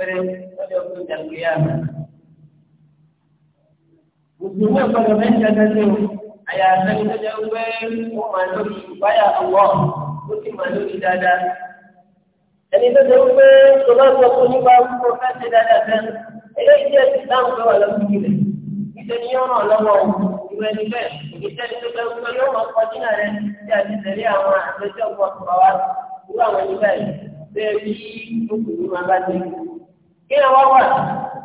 pérépéré lọ́jọ́ tó jàǹkì yá. Mùsùlùmí ọ̀gbọ́dọ̀ mẹ́ta dájú àyà àtẹ́ni tó jẹ́ pé ó máa lórí ìpáyà ọ̀wọ́ ó sì máa lórí dáadáa. Ẹni tó jẹ́ pé tó bá sọ fún nípa kúkọ fẹ́ ṣe dáadáa fẹ́, eléyìí jẹ́ ìdáhùn tó wà lọ́sùn ilẹ̀. Ìṣẹ́ni yóò ràn lọ́wọ́ ìwé ẹni bẹ́ẹ̀, ìṣẹ́ni tó jẹ́ pé yóò máa kọjú náà rẹ̀ tí a ti tẹ̀lé àwọn àgbẹ̀jọ́ kí ẹ wá wà wọ́n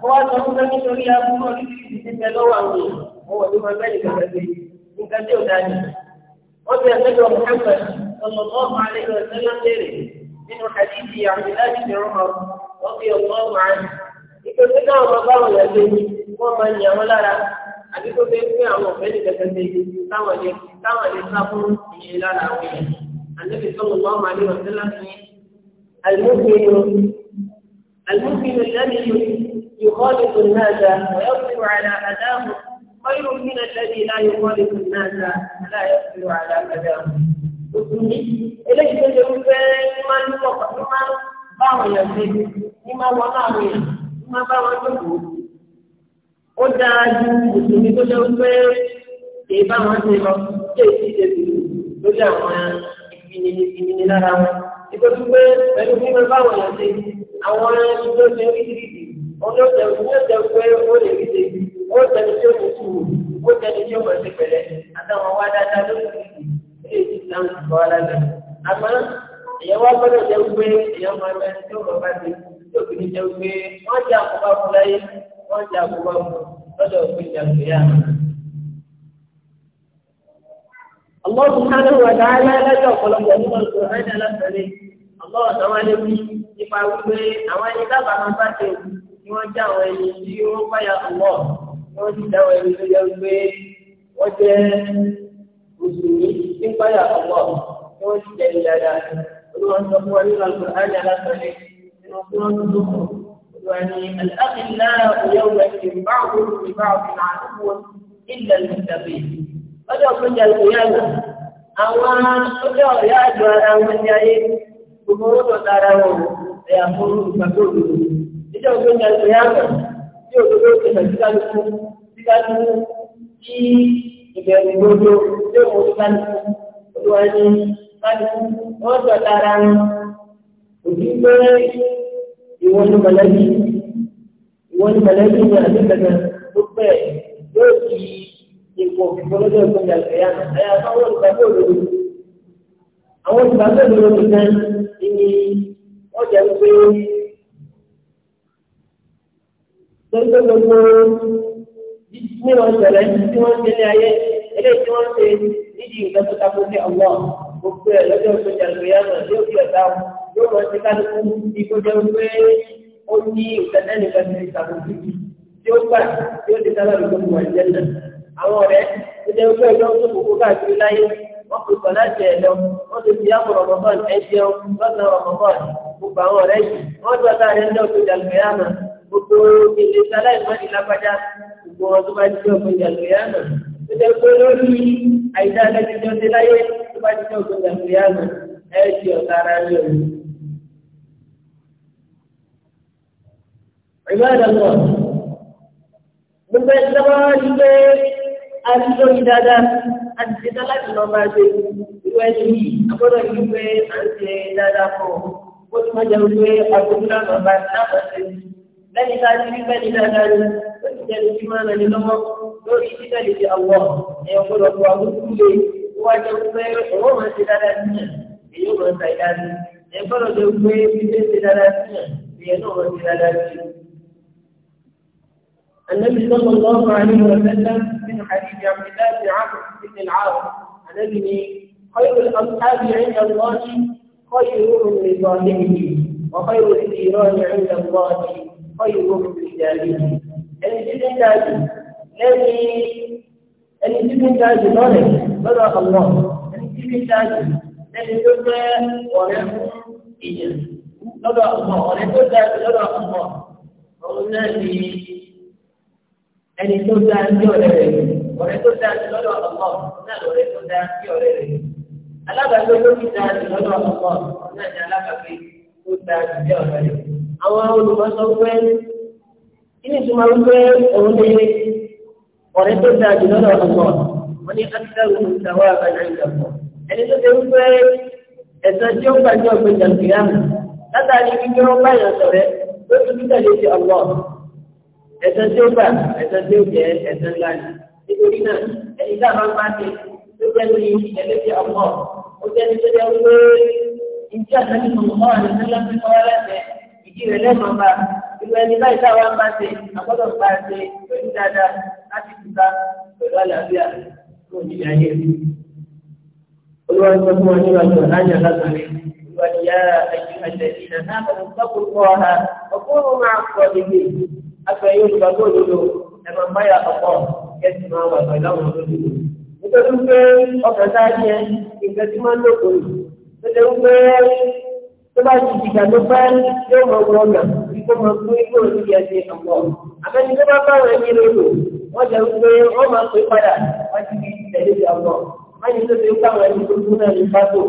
wá sọ fún mi sórí abúlé oríṣiríṣi ti tẹ lọ́wọ́ àwọn èèyàn wọ́n wọ̀ ní ma bẹ́ẹ̀ nìkan fẹ́ nǹkan tí ò dájú. wọ́n ti ẹ̀sẹ̀ lọ fún ẹ̀fẹ̀ ọ̀nà ọ̀gbọ̀n alẹ́ lọ ẹ̀sẹ̀ lọ léèrè nínú àdìsí àmì láti fi rán ọ wọ́n fi ọ̀gbọ́n máa ń. ìpèsè náà wọ́n bá wọ̀ yẹn lé wọ́n máa ń yà wọ́n lára àbí tó fẹ́ pé àwọn ọ̀fẹ́ nìkan fẹ́ المسلم الذي يخالط الناس ويصبر على أذاهم خير من الذي لا يخالط الناس ولا يصبر على أذاهم eléyìí tó ṣe wípé ní máa ń lọ́kọ̀ ní máa ń bá àwọn èèyàn ṣe ní máa wọ láàrin èèyàn ní máa bá wọn jókòó ó dáa ju mùsùlùmí tó ṣe wípé kì bá wọn ṣe lọ kí èyí ṣe lórí àwọn ìfinilára wọn ìtọ́jú pé pẹ̀lú bí wọ́n bá wọ̀nyàn ṣe àwọn ẹni tó ṣe oríṣiríṣi ọlọ́tẹ̀ ọlọ́tẹ̀ pé ó lè rí ṣe ó tẹ̀lé tí ó mú sùúrù ó tẹ̀lé tí ó mọ̀ ṣe pẹ̀lẹ́ àtàwọn wá dáadáa lóríṣiríṣi ilé ìtìsàn kọ́ alága àmọ́ èèyàn wá gbọ́dọ̀ jẹ́ pé èèyàn máa bẹ tó mọ̀ bá ti tóbi ní jẹ́ pé wọ́n jẹ́ àkóbá fún láyé wọ́n jẹ́ àkóbá fún lọ́dọ̀ òfin الله سبحانه وتعالى lẹ́jọ́ ọ̀pọ̀lọpọ̀ nínú ìṣòro ẹ̀dá lásìrè ọ̀pọ̀ ọ̀dọ́ wa lè wí nípa wípé àwọn ẹni dábàá máa bá tẹ̀ ni wọ́n jẹ́ àwọn ẹni tí ó fàyà ọ̀wọ́ wọ́n ti dáwọ́ ẹni tó yẹ wípé wọ́n jẹ́ òṣèré tí ń fàyà ọ̀wọ́ ni wọ́n ti jẹ́ dáadáa olúwa ń sọ fún wa nínú ìṣòro ẹ̀dá lásìrè nínú kí wọ́n tún dùn يعني الأخلاء يومئذ بعضهم لبعض عدو إلا المتقين lọ́jọ́ tó jẹ ìyàgbà àwọn lọ́jọ́ ìyá àjọ ara wọn ní ayé gbogbo owó tó dára wọn ẹ̀yà fún ìgbàgbọ́ òdodo lọ́jọ́ tó jẹ ìyàgbà tí òdodo ti hàn síkálukú síkálukú kí ìbẹ̀rù gbogbo tí òun síkálukú olúwa ní kálukú wọ́n tọ̀ dára wọn òbí gbé ìwọ́n ní mọ̀lẹ́bí ìwọ́n ní mọ̀lẹ́bí ní àdékẹ́kẹ́ tó pẹ́ yóò di ipò ìfọlọ́jọ́ ìpínlẹ̀ àgbẹ̀yà ẹ̀yà àwọn olùgbàgbọ́ òdodo. Àwọn olùgbàgbọ́ òdodo nìkan ni wọ́n jẹ́ pé lọ́jọ́ gbogbo ní wọ́n sọ̀rọ̀ tí wọ́n ṣe ní ayé eléyìí tí wọ́n ṣe nídìí nǹkan tó takò sí ọ̀wọ́ gbogbo ẹ̀ lọ́jọ́ ìpínlẹ̀ àgbẹ̀yà náà yóò fi ọ̀tá yóò wọ́n ṣe kálukú ìkójọ pé ó ní ìtẹ̀lẹ́ nìkan ti ṣàkóso tí ó gbà tí ó ti sábà lọ́jọ́ ìwà ìjẹ́ náà àwọn ọ̀rẹ́ tó jẹ́ pé ẹjọ́ tó kókó káàkiri láyé wọ́n fi kọ̀ láti ẹ̀ lọ wọ́n ti fi yàgò rọ̀mọ́bọ́n ẹ jẹun lọ́sàn rọ̀mọ́bọ́n gbogbo àwọn ọ̀rẹ́ yìí wọ́n tó ọ̀tá rẹ̀ ń lọ sí ìjàlùmíyàmà gbogbo ilé sáláìmọ́ ìlápájá gbogbo wọn tó bá jẹ́ ọ̀gbìn ìjàlùmíyàmà tó jẹ́ pé lórí àìdá alẹ́jọ́ ti láyé tó bá jẹ́ ọ̀gbìn ìjàlùmíyàmà ẹ jẹ ọ̀tá ara rẹ̀ o. ìbáraẹ̀dọ̀ gbogbo ẹ̀ àti lórí dáadáa àti ṣe dáláàdì lọ máa ṣe ìwé ẹni yìí agbọ́dọ̀ yìí pé à ń ṣe dáadáa pọ̀ ó ti máa jẹun pé agbóhùn náà lọ bá láwọn ṣe lẹ́ni tá a ti rí bẹ́ẹ̀ni dáadáa ni ó ti jẹ́ lójú máa rẹ̀ lọ́wọ́ lórí títẹ̀lé ti àwọ̀ ẹ̀yọ̀ gbọ́dọ̀ fún àbúkú lé wá jẹun pé ọwọ́ máa ṣe dáadáa sí yàn èyí máa ta ìdá ni ẹ̀ gbọ́dọ̀ jẹun pé ilé ṣe dáadáa sí yàn èyí náà máa ṣe dáadáa sí yàn. Ànábì sọ́kọ̀ lọ́wọ́ àyè من حديث عبد الله بن عمرو بن العاص عن ابنه خير الأصحاب عند الله خيرهم لصاحبه وخير الجيران عند الله خيرهم لجاره الجبن داجي الذي الجبن داجي ظالم بدأ الله الجبن داجي الذي تبقى وله إجازة بدأ الله ولم تبقى الله وقلنا يعني ẹni tó dá sí ọ̀rẹ́ rẹ̀ ọ̀rẹ́ tó dá sí lọ́dọ̀ ọ̀pọ̀ náà lọ́rẹ́ tó dá sí ọ̀rẹ́ rẹ̀ alábàágbé tó ti dá sí lọ́dọ̀ ọ̀pọ̀ náà ni alábàágbé tó dá sí ọ̀rẹ́ rẹ̀ àwọn olùkọ́sọ pé kíni tó máa ń gbé òun lé ọ̀rẹ́ tó dá sí lọ́dọ̀ ọ̀pọ̀ wọ́n ní akíkàwé ìtawọ́ ń gbé ẹ̀sán ẹ̀sẹ̀ tí ó gbà ẹ̀sẹ̀ tí ó jẹ́ ẹ̀sẹ̀ ńlá ni. nítorí náà ẹni tá a máa ń bá ṣe tó jẹ́ ní ẹlẹ́sẹ̀ ọmọ ó jẹ́ ní sẹ́yà wípé ìdí àtàkì mọ̀mọ́ àti sẹ́yà fi kọ́ ẹlẹ́sẹ̀ ìdí rẹ̀ lẹ́mọ̀ bá ìlú ẹni báyìí tá a wá ń bá ṣe àgbọ́dọ̀ bá ṣe pẹ̀lú dáadáa láti kúta pẹ̀lú àlàáfíà fún ìdílé ayé olùwàlúwà fún wa nígbà tó láyà lásàlẹ̀ olùwàlúwà yára ẹ̀yìn àjẹ̀dínà náà kò afẹ́ yóò gba bóòlù lò ẹ máa máyà ọ̀pọ̀ ẹ sì máa wà pẹ̀lú àwọn olóòlù. nítorí pé ọkàn tá a jẹ nǹkan tí máa ń lòkò yìí tó lè wípé tó bá ti dìgbà tó bá yóò mọ wọ ọ̀nà bí kò mọ fún ikú òní yẹn ti ọ̀pọ̀. àbẹ́ni tó bá báwọn ẹni rẹ lò wọ́n jẹ wípé wọ́n máa pè padà wọ́n ti di tẹ̀lé ti ọ̀pọ̀. wọ́n yìí tó ti káwọn ẹni tó kú náà ní pátó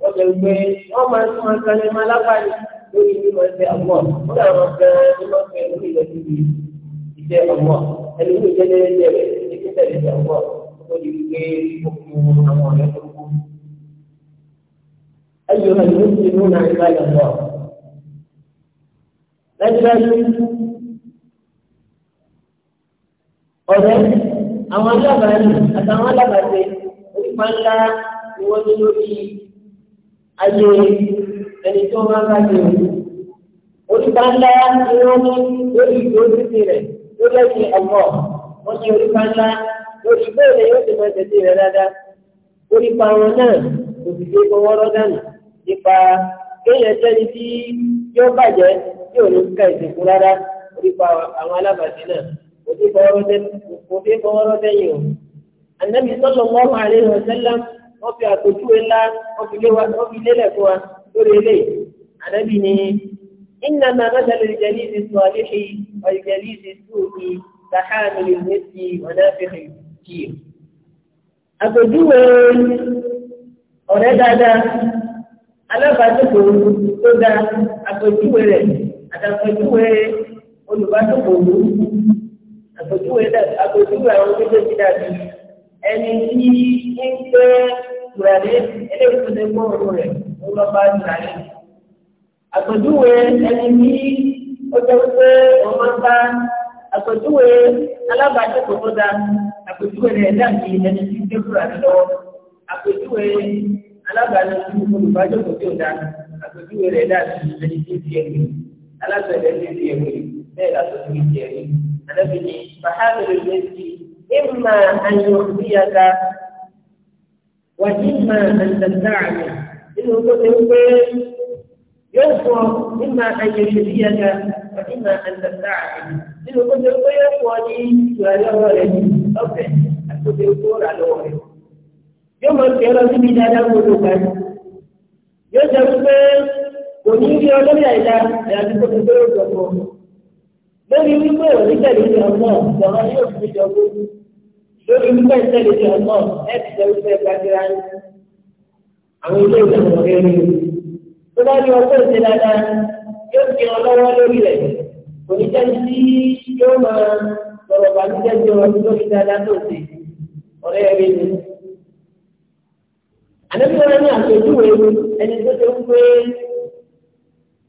wọ́n jẹ wípé wọ́n máa tún máa kan síbi iṣẹ́ ọmọ ẹni wọ́n jẹ́ lẹ́yẹ rẹ̀ ní kíkẹ́ ìṣẹ́ ọmọ ó di pé ó àwọn ọ̀rẹ́ tó kú. ẹyọ ẹni wọ́n ti mú náà nípa ìyàwó lẹ́gbẹ̀rún ọ̀rẹ́ àwọn alábàárẹ̀ àtàwọn alábàárẹ̀ onípa ńlá ni wọ́n ní lórí ayé ẹni tó máa bá jẹun òṣùpá ńlá ni ó ní lórí ìlú ojúṣe rẹ̀ ló lẹ́yìn ọ̀pọ̀ wọ́n ní orípa ńlá lórí bẹ́ẹ̀ lè yóò ti mọ ìtẹ̀sí rẹ̀ dáadáa orípa wọn náà kò sì ṣe fọwọ́ rọ́dánù nípa kéèyàn sẹ́ni tí yóò bàjẹ́ tí ò ní ká ìsìnkú rárá orípa àwọn alábàṣẹ náà kò sí fọwọ́ rọ́dẹ́yìn o ànábì sallallahu alaihi wasallam wọ́n fi àpèjúwe ńlá wọ́n fi lélẹ̀ fún wa lórí eléyìí ànábì ni إنما مثل الجليد الصالح والجليد السوء كحامل المسك ونافخ الكير àpèjúwe ọ̀rẹ́ dáadáa alábàájòkò tó da àpèjúwe rẹ̀ àtàpèjúwe olùbájòkò àpèjúwe àpèjúwe àwọn méjèèjì dàbí ẹni tí ń gbé tùràrí eléyìí tó lè gbọ́ ọ̀rọ̀ rẹ̀ ó lọ́ bá tùràrí àpèjúwe ẹni ní ọjọ́ pé ọmọ ń bá àpèjúwe alábàáṣepọ̀ tó dáa àpèjúwe rẹ̀ dàbí ẹni tí ń dẹ́kun rẹ̀ lọ́wọ́ àpèjúwe alábàáṣepọ̀ olùbájọ́pọ̀ tó dáa àpèjúwe rẹ̀ dàbí ẹni tí ń fi ẹ̀gbẹ́ alábẹ̀rẹ̀ ti fi ẹ̀gbẹ́ bẹ́ẹ̀ lásán ti fi ẹ̀gbẹ́ alábìíní fàhálẹ̀ lè fi ìmà àyọ̀ ìyàgà wàjú ìmà àǹtàǹtà nínú tó يذكر إما أن يشفيك وإما أن تستعفي nínú kó ṣe pé ẹ̀kọ́ ní ìṣòro ọ̀rọ̀ rẹ̀ ọ̀fẹ́ àtúnṣe tó rà lọ́wọ́ rẹ̀. yóò máa fi ẹ̀rọ síbi dáadáa kó ló ga jù. yóò jẹ́ pé kò ní rí ọ lórí àìdá àyàfi kó ṣe pé ó jọ̀pọ̀. lórí wípé òníkẹ̀lé ti ọmọ ìjọba yóò fi jọ̀pọ̀. lórí wípé ìtẹ̀lé ti ọmọ ẹ̀ ti jẹ́ wípé ẹgbàá tó bá ní ọjọ́ ìṣe dáadáa yóò fi ọ lọ́wọ́ lórí rẹ̀ kò ní jẹ́ni tí yóò máa sọ̀rọ̀ bàjẹ́ jẹ́ ọdún lórí dáadáa tó ṣe ọ̀rẹ́ rẹ̀ ni. àdébí wọn ní àpèjúwe ẹni tó ṣe ń pé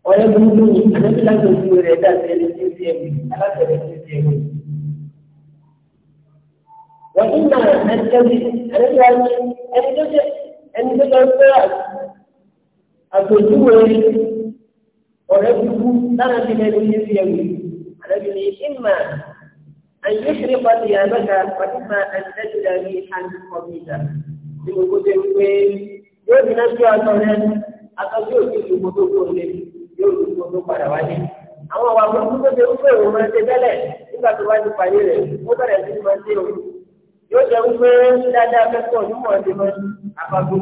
ọ̀rẹ́ burúkú ni àdébí láti ojú rẹ̀ dá sí ẹni tí ó ti ẹ̀mí aláṣẹ rẹ̀ tó ti ẹ̀mí. wọ́n ní ìgbà ẹni tó ṣe ẹni tó ṣe ẹni tó ṣe àpèjúwe ọ̀rẹ́ kúkú lára ti lẹ́nu yé fi ẹ̀wù àlẹ́bí ni ìmà àyè ṣeré pàtì àbẹ́ka pàtì máa àtìlẹ́jìlá ní àti kọ̀mìtà tí mo kó tẹ́lú pé yóò fi náà sí ọ̀tọ̀ rẹ àtọ́jú òsì ju mo tó kó lé yóò ju mo tó padà wáyé. àwọn àwọn àbúrò tó tẹ́lú pé òun máa ṣe tẹ́lẹ̀ nígbà tó wá ti pàdé rẹ̀ ó bẹ̀rẹ̀ sí máa ṣe òun yóò jẹ́ wípé dáadáa fẹ́ pọ̀ nímọ̀ ọ̀dẹ́mọ́ àpapọ̀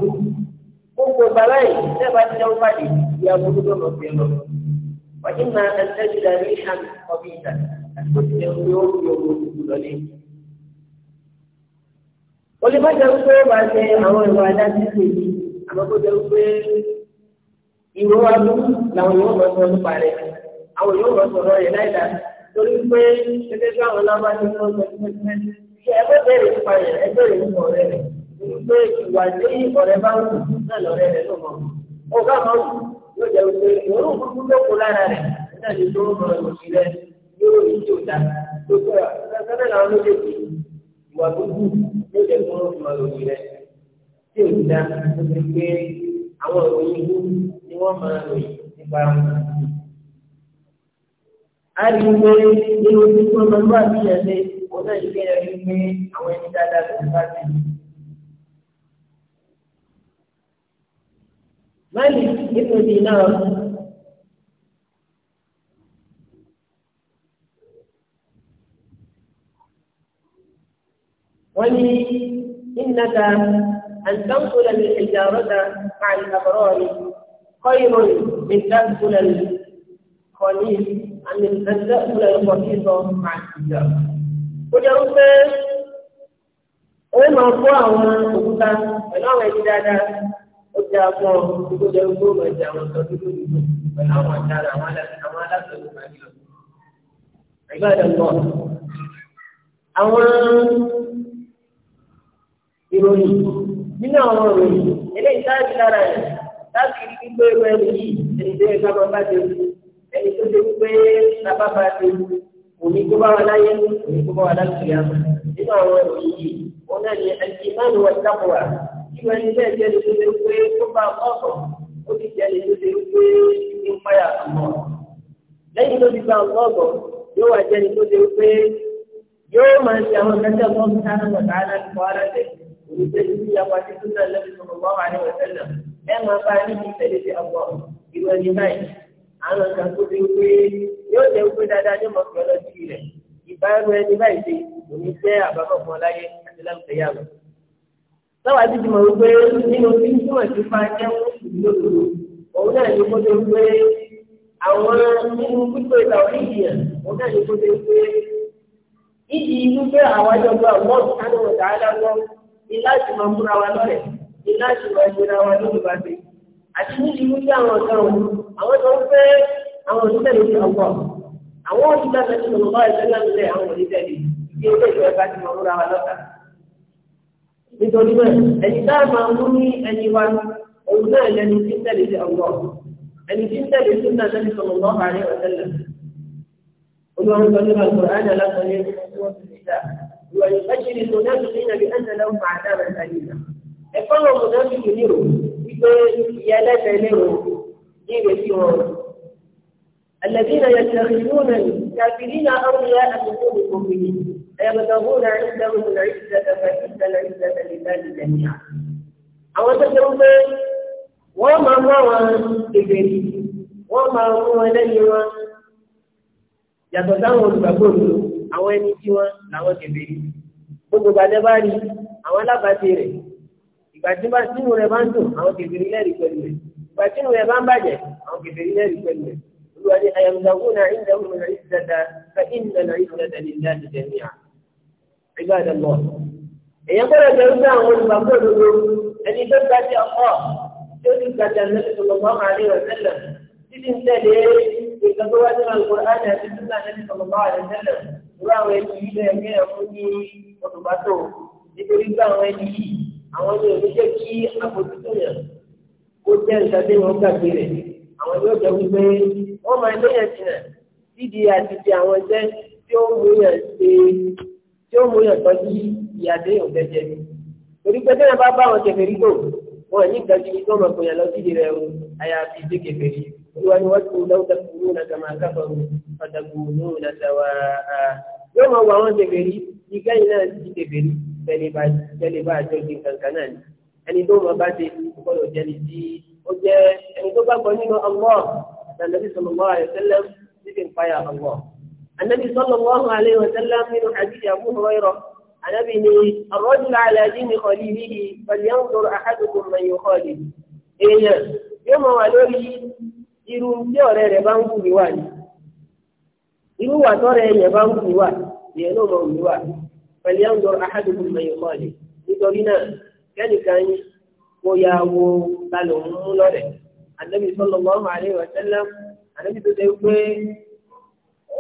gbogbo bàbá yìí ṣe bá ti dáwọ́ báyìí ìyá burú tó lọ sí lọ. wọ́n ti máa ń tẹ́jú la ní ham ọbí ìta àti òṣìṣẹ́ ní ó fi owó dúdú lọlé. o lè má jẹ́ pé ó máa ṣe àwọn ìwà adájú sí i àmọ́ kó jẹ́ pé ìwé wa ló làwọn yóò lọ sọ nípa rẹ̀ àwọn yóò lọ sọ̀rọ̀ rẹ̀ láìda torí pé ṣẹ́fẹ́ fún àwọn lábá ti fún ọ pé ìwà tí ọ̀rẹ́ bá wù náà lọ́rẹ́ rẹ̀ ló ó ká mọ̀ wù yóò jẹ́ pé ìrú kúkú ló kó lára rẹ̀ náà lè tó mọ̀ òsì rẹ̀ yóò ní tí ò dá. tó kọ́ ẹ̀fẹ́ làwọn méjèèjì ìwà gbogbo yóò jẹ́ kó mọ̀ òsì rẹ̀ tí ò dá tó fi pé àwọn òròyìn ikú ni wọ́n máa ròyìn nípa wọn. a tí wọ́n máa ń bá àbíyàn lé òun náà yìí kẹ́yọ̀ rí pé àwọn ẹni dáadáa tó ń bá ti Malik ibn Dinar wọ́n ní ìnáta àǹtánkulà ní ìjàrọ́ta àti àbúrọ́ọ̀ni kọ́ìrọ̀ ní ìtàkùlà ní kọ́ní àmì ìtàkùlà ní kọ́kítọ̀ àti ìjà. Ó jẹ́ wípé ó máa kó àwọn òkúta pẹ̀lú àwọn ẹni dáadáa ó jẹ́ akọ́ tó jẹ́ gbogbo ẹ̀jẹ̀ àwọn ọ̀sán tó lórí ìlú pẹ̀lú àwọn ọ̀daràn àwọn aláṣẹ ló máa ń lọ. Ẹgbẹ́ àdàpọ̀ àwọn ìròyìn nínú àwọn ìròyìn eléyìí táàbí lára ẹ̀ láti rí gbígbé ẹgbẹ́ ẹni yìí ẹni tó yẹ ká máa bá ti rí ẹni tó ti gbé lábá bá ti rí òní tó bá wà láyé òní tó bá wà láti rí àmọ́ nínú àwọn ìròyìn yìí òun náà ni àti ìmáàlú wa ìtàkùn wa tí wọ́n ní ilé ẹ̀jẹ̀ lè ṣe pé ó bá ọ̀sọ̀ ó ti jẹ́ lè ṣe pé ní páyà àmọ́. lẹ́yìn tó ti gba ọ̀gọ́ yóò wá jẹ́ni tó ṣe pé yóò máa ṣe àwọn mẹ́tẹ́ fún mi sáà náà sáà kọ́ ara rẹ̀ òní pé ní ìyàwó àti tó náà lẹ́bi tó mọ̀ wá ní wẹ̀sẹ̀lẹ̀ ẹ máa bá níbi ìtẹ̀lé ti ọkọ̀ ìwé ní báyìí àwọn kan tó ṣe pé yóò jẹ́ pé dáadáa ní mọ̀kì ọlọ́jì rẹ̀ ìbáraẹni báyìí ṣe òní jẹ́ àbámọ̀ fún ọláyé àti láwùjọ yàrá lọ́wọ́ àti ìmọ̀ wípé nínú tí ń túmọ̀ sí fa jẹ́ lódodo òun náà ní kó tó pé àwọn nínú pípé ìtàwọn ènìyàn òun náà ní kó tó pé ìdí inú pé àwọn àjọgbọ́ àwọn ọ̀sán wọn dáa lọ́wọ́ ni láti máa múra wa lọ́rẹ̀ ni láti máa múra wa lódùbàdì àti níbi wípé àwọn ọ̀sán wọn àwọn tó ń fẹ́ àwọn òṣìṣẹ́ ló ti ọgbọ́ àwọn òṣìṣẹ́ ló ti ọgbọ́ ìṣẹ́lẹ̀ nítorí bẹ́ẹ̀ ẹni tá a máa mú ní ẹni wa òun náà lẹni tí ń tẹ̀lé sí ọgbọ́ ẹni tí ń tẹ̀lé sí náà lẹni sọ̀rọ̀ mọ́ àárẹ̀ ọ̀tẹ́lẹ̀ olùwàrí sọ nípa ìgbọ̀n àná lásán ní wọ́n ti fi dá ìwọ̀nyí ẹ̀jìnì tó náà tún nínú bí ẹ̀jẹ̀ náà máa dá rẹ̀ sáyé náà ẹ̀fọ́ wọn kò náà fi nírò wípé ìyá ẹlẹ́sẹ̀ nírò ní ìrètí wọn. الذين يتخذون الكافرين أولياء من دون المؤمنين ẹ̀yọ̀gbọ̀n ìdáhùn ìdáhùn ìdáhùn àwọn tó ṣe ń pé wọ́n máa mú àwọn èdè wọ́n máa mú wọn lẹ́yìn wọn yàtọ̀ sáwọn olùgbàgbọ́ òdodo àwọn ẹni tí wọ́n làwọn tẹ̀lé gbogbo gbàdé bá rí àwọn alábàáṣe rẹ̀ ìgbà tí bá sínú rẹ̀ bá ń dùn àwọn tẹ̀lé lẹ́rìí pẹ̀lú rẹ̀ ìgbà tí rẹ̀ bá ń bàjẹ́ àwọn tẹ̀lé lẹ́rìí pẹ̀lú rẹ̀ olùwàdí ayàmùsàkúnà ìdàmùnà ìgbà ìdẹ̀mọ̀. Èèyàn gbọ́dọ̀ jẹ́ wípé àwọn olùgbàgbọ́ òdodo ẹni tó gbajú ọkọ̀ tí ó ti gbajú ànẹ́sọ̀lọ́mọ́ àárín ọ̀sẹ̀lẹ̀ títí ń tẹ̀lé ìgbàgbọ́wájú àlùkùránì àti súnà ànẹ́sọ̀lọ́mọ́ àárín ọ̀sẹ̀lẹ̀ irú àwọn ẹni yìí lẹ́yìn ní ẹ̀fún ní ọ̀tùbátò nítorí pé àwọn ẹni yìí àwọn ẹni òní jẹ́ kí àbójútó yẹn ó jẹ́ nǹkan tí wọ́n gbàgbé rẹ̀ àwọn yóò jẹ́ wípé wọ́n máa léyìn ẹ̀sìn náà dídì àti ti àwọn ẹ̀jẹ̀ tí ó mú yẹn ṣe tí ó mú yàtọ̀ sí ìyàdé òbẹ̀jẹ̀ mi torí pé tẹ́lẹ̀ bá bá wọn kẹfẹ́rí tó wọn ẹ̀ ní gàdí ní tó lọ́kọ̀ yẹn lọ sí ìdílé ẹ̀rù àyàfi dé kẹfẹ́rí olúwa ni wọ́n ti wù lọ́wọ́ tẹkùrú náà kàmá káfọ́rù ọ̀tàkùrú náà tàwa yóò mọ̀ wọ àwọn kẹfẹ́rí ìgbẹ́yìn náà ti kẹfẹ́rí tẹ́lẹ̀ bá àjọ di kankan náà ni ẹni tó mọ̀ bá ti gbọ́dọ̀ النبي صلى الله عليه وسلم من حديث أبو هريرة عن أبي الرجل على دين خليله فلينظر أحدكم من يخالف إيه يوم ولوري irú tí ọ̀rẹ́ rẹ̀ bá ń wù mí wà ní irú wà tọ́rẹ́ yẹn bá ń wù mí wà yẹn ló mọ̀ mí wà pẹ̀lú ẹ̀ńdọ̀ ahadùkù mẹ́yìn kọ́ọ̀lì nítorí náà kẹ́nìkan yín kó ya wo ta ló ń mú lọ́rẹ̀ ànábì sallallahu alaihi wa sallam ànábì tó dé pé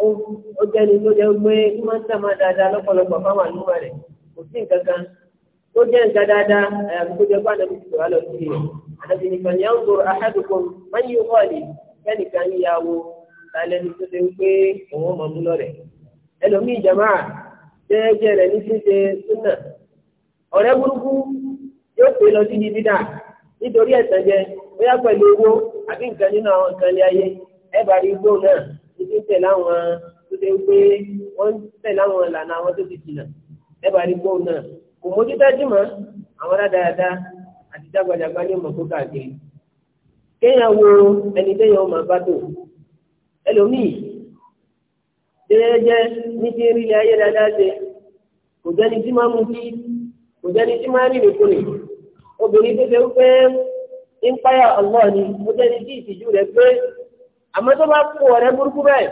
ó jẹ́ni tó jẹ́ pé kí máa ń sàmà dáadáa lọ́pọ̀lọpọ̀ fáwọn àlùmọ́ rẹ̀ kò sí nǹkan kan tó jẹ́ nǹkan dáadáa àyàfi kó jẹ́ pé àdàbí ti lọ sí rẹ̀ àdàbí nìkan ni à ń gbòòrò àhádùkọ máa ń yí wọ́ ọ̀lẹ̀ kẹ́nìkan yí yàwó lálẹ́ni tó ṣe pé òun mú lọ rẹ̀ ẹlòmíì jẹ́ẹ́jẹ́ rẹ̀ ní ṣíṣe súnà ọ̀rẹ́ burúkú yóò pè lọ sí nítorí ẹ̀sán jẹ bóyá pẹ̀lú owó àbí nǹkan nínú àwọn nǹkan títí ń tẹ̀lé àwọn tó ṣe ń pé wọ́n tẹ̀lé àwọn ìlànà àwọn tó ti ẹ bá rí gbóhùn náà kò mójú dájú mọ́ àwọn dáadáa àti jágbajàgba ní ọmọ tó káàkiri. kéèyàn wo ẹni téèyàn ọmọ bá tó ẹlòmíì jẹ́jẹ́ ní ti rí ilé ayé dáadáa ṣe kò jẹ́ni tí máa kò jẹ́ni àmọ́ tó ku kó ọ̀rẹ́ burúkú bẹ́ẹ̀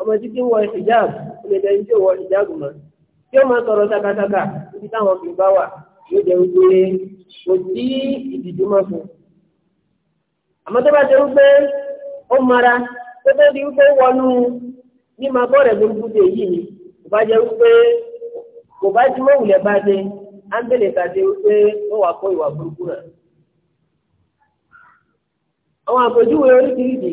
ọmọ títí wọ hijab ìlẹ̀dẹ̀ ní tí ò wọ hijab mọ́ tí ó máa sọ̀rọ̀ sakasaka títí táwọn obìnrin bá wà yóò jẹ́ wípé kò sí ìdìjú mọ́ fún un. àmọ́ tó bá jẹ́ wípé ó mara tó tó di wípé wọnú ní máa bọ́ ọ̀rẹ́ burúkú dé yìí ni kò bá jẹ́ wípé kò bá ti mọ̀wùlẹ̀ bá dé á ń bèlè tàdé wípé ó wà kó ìwà burúkú rẹ̀. àwọn àpèjúwe oríṣiríṣi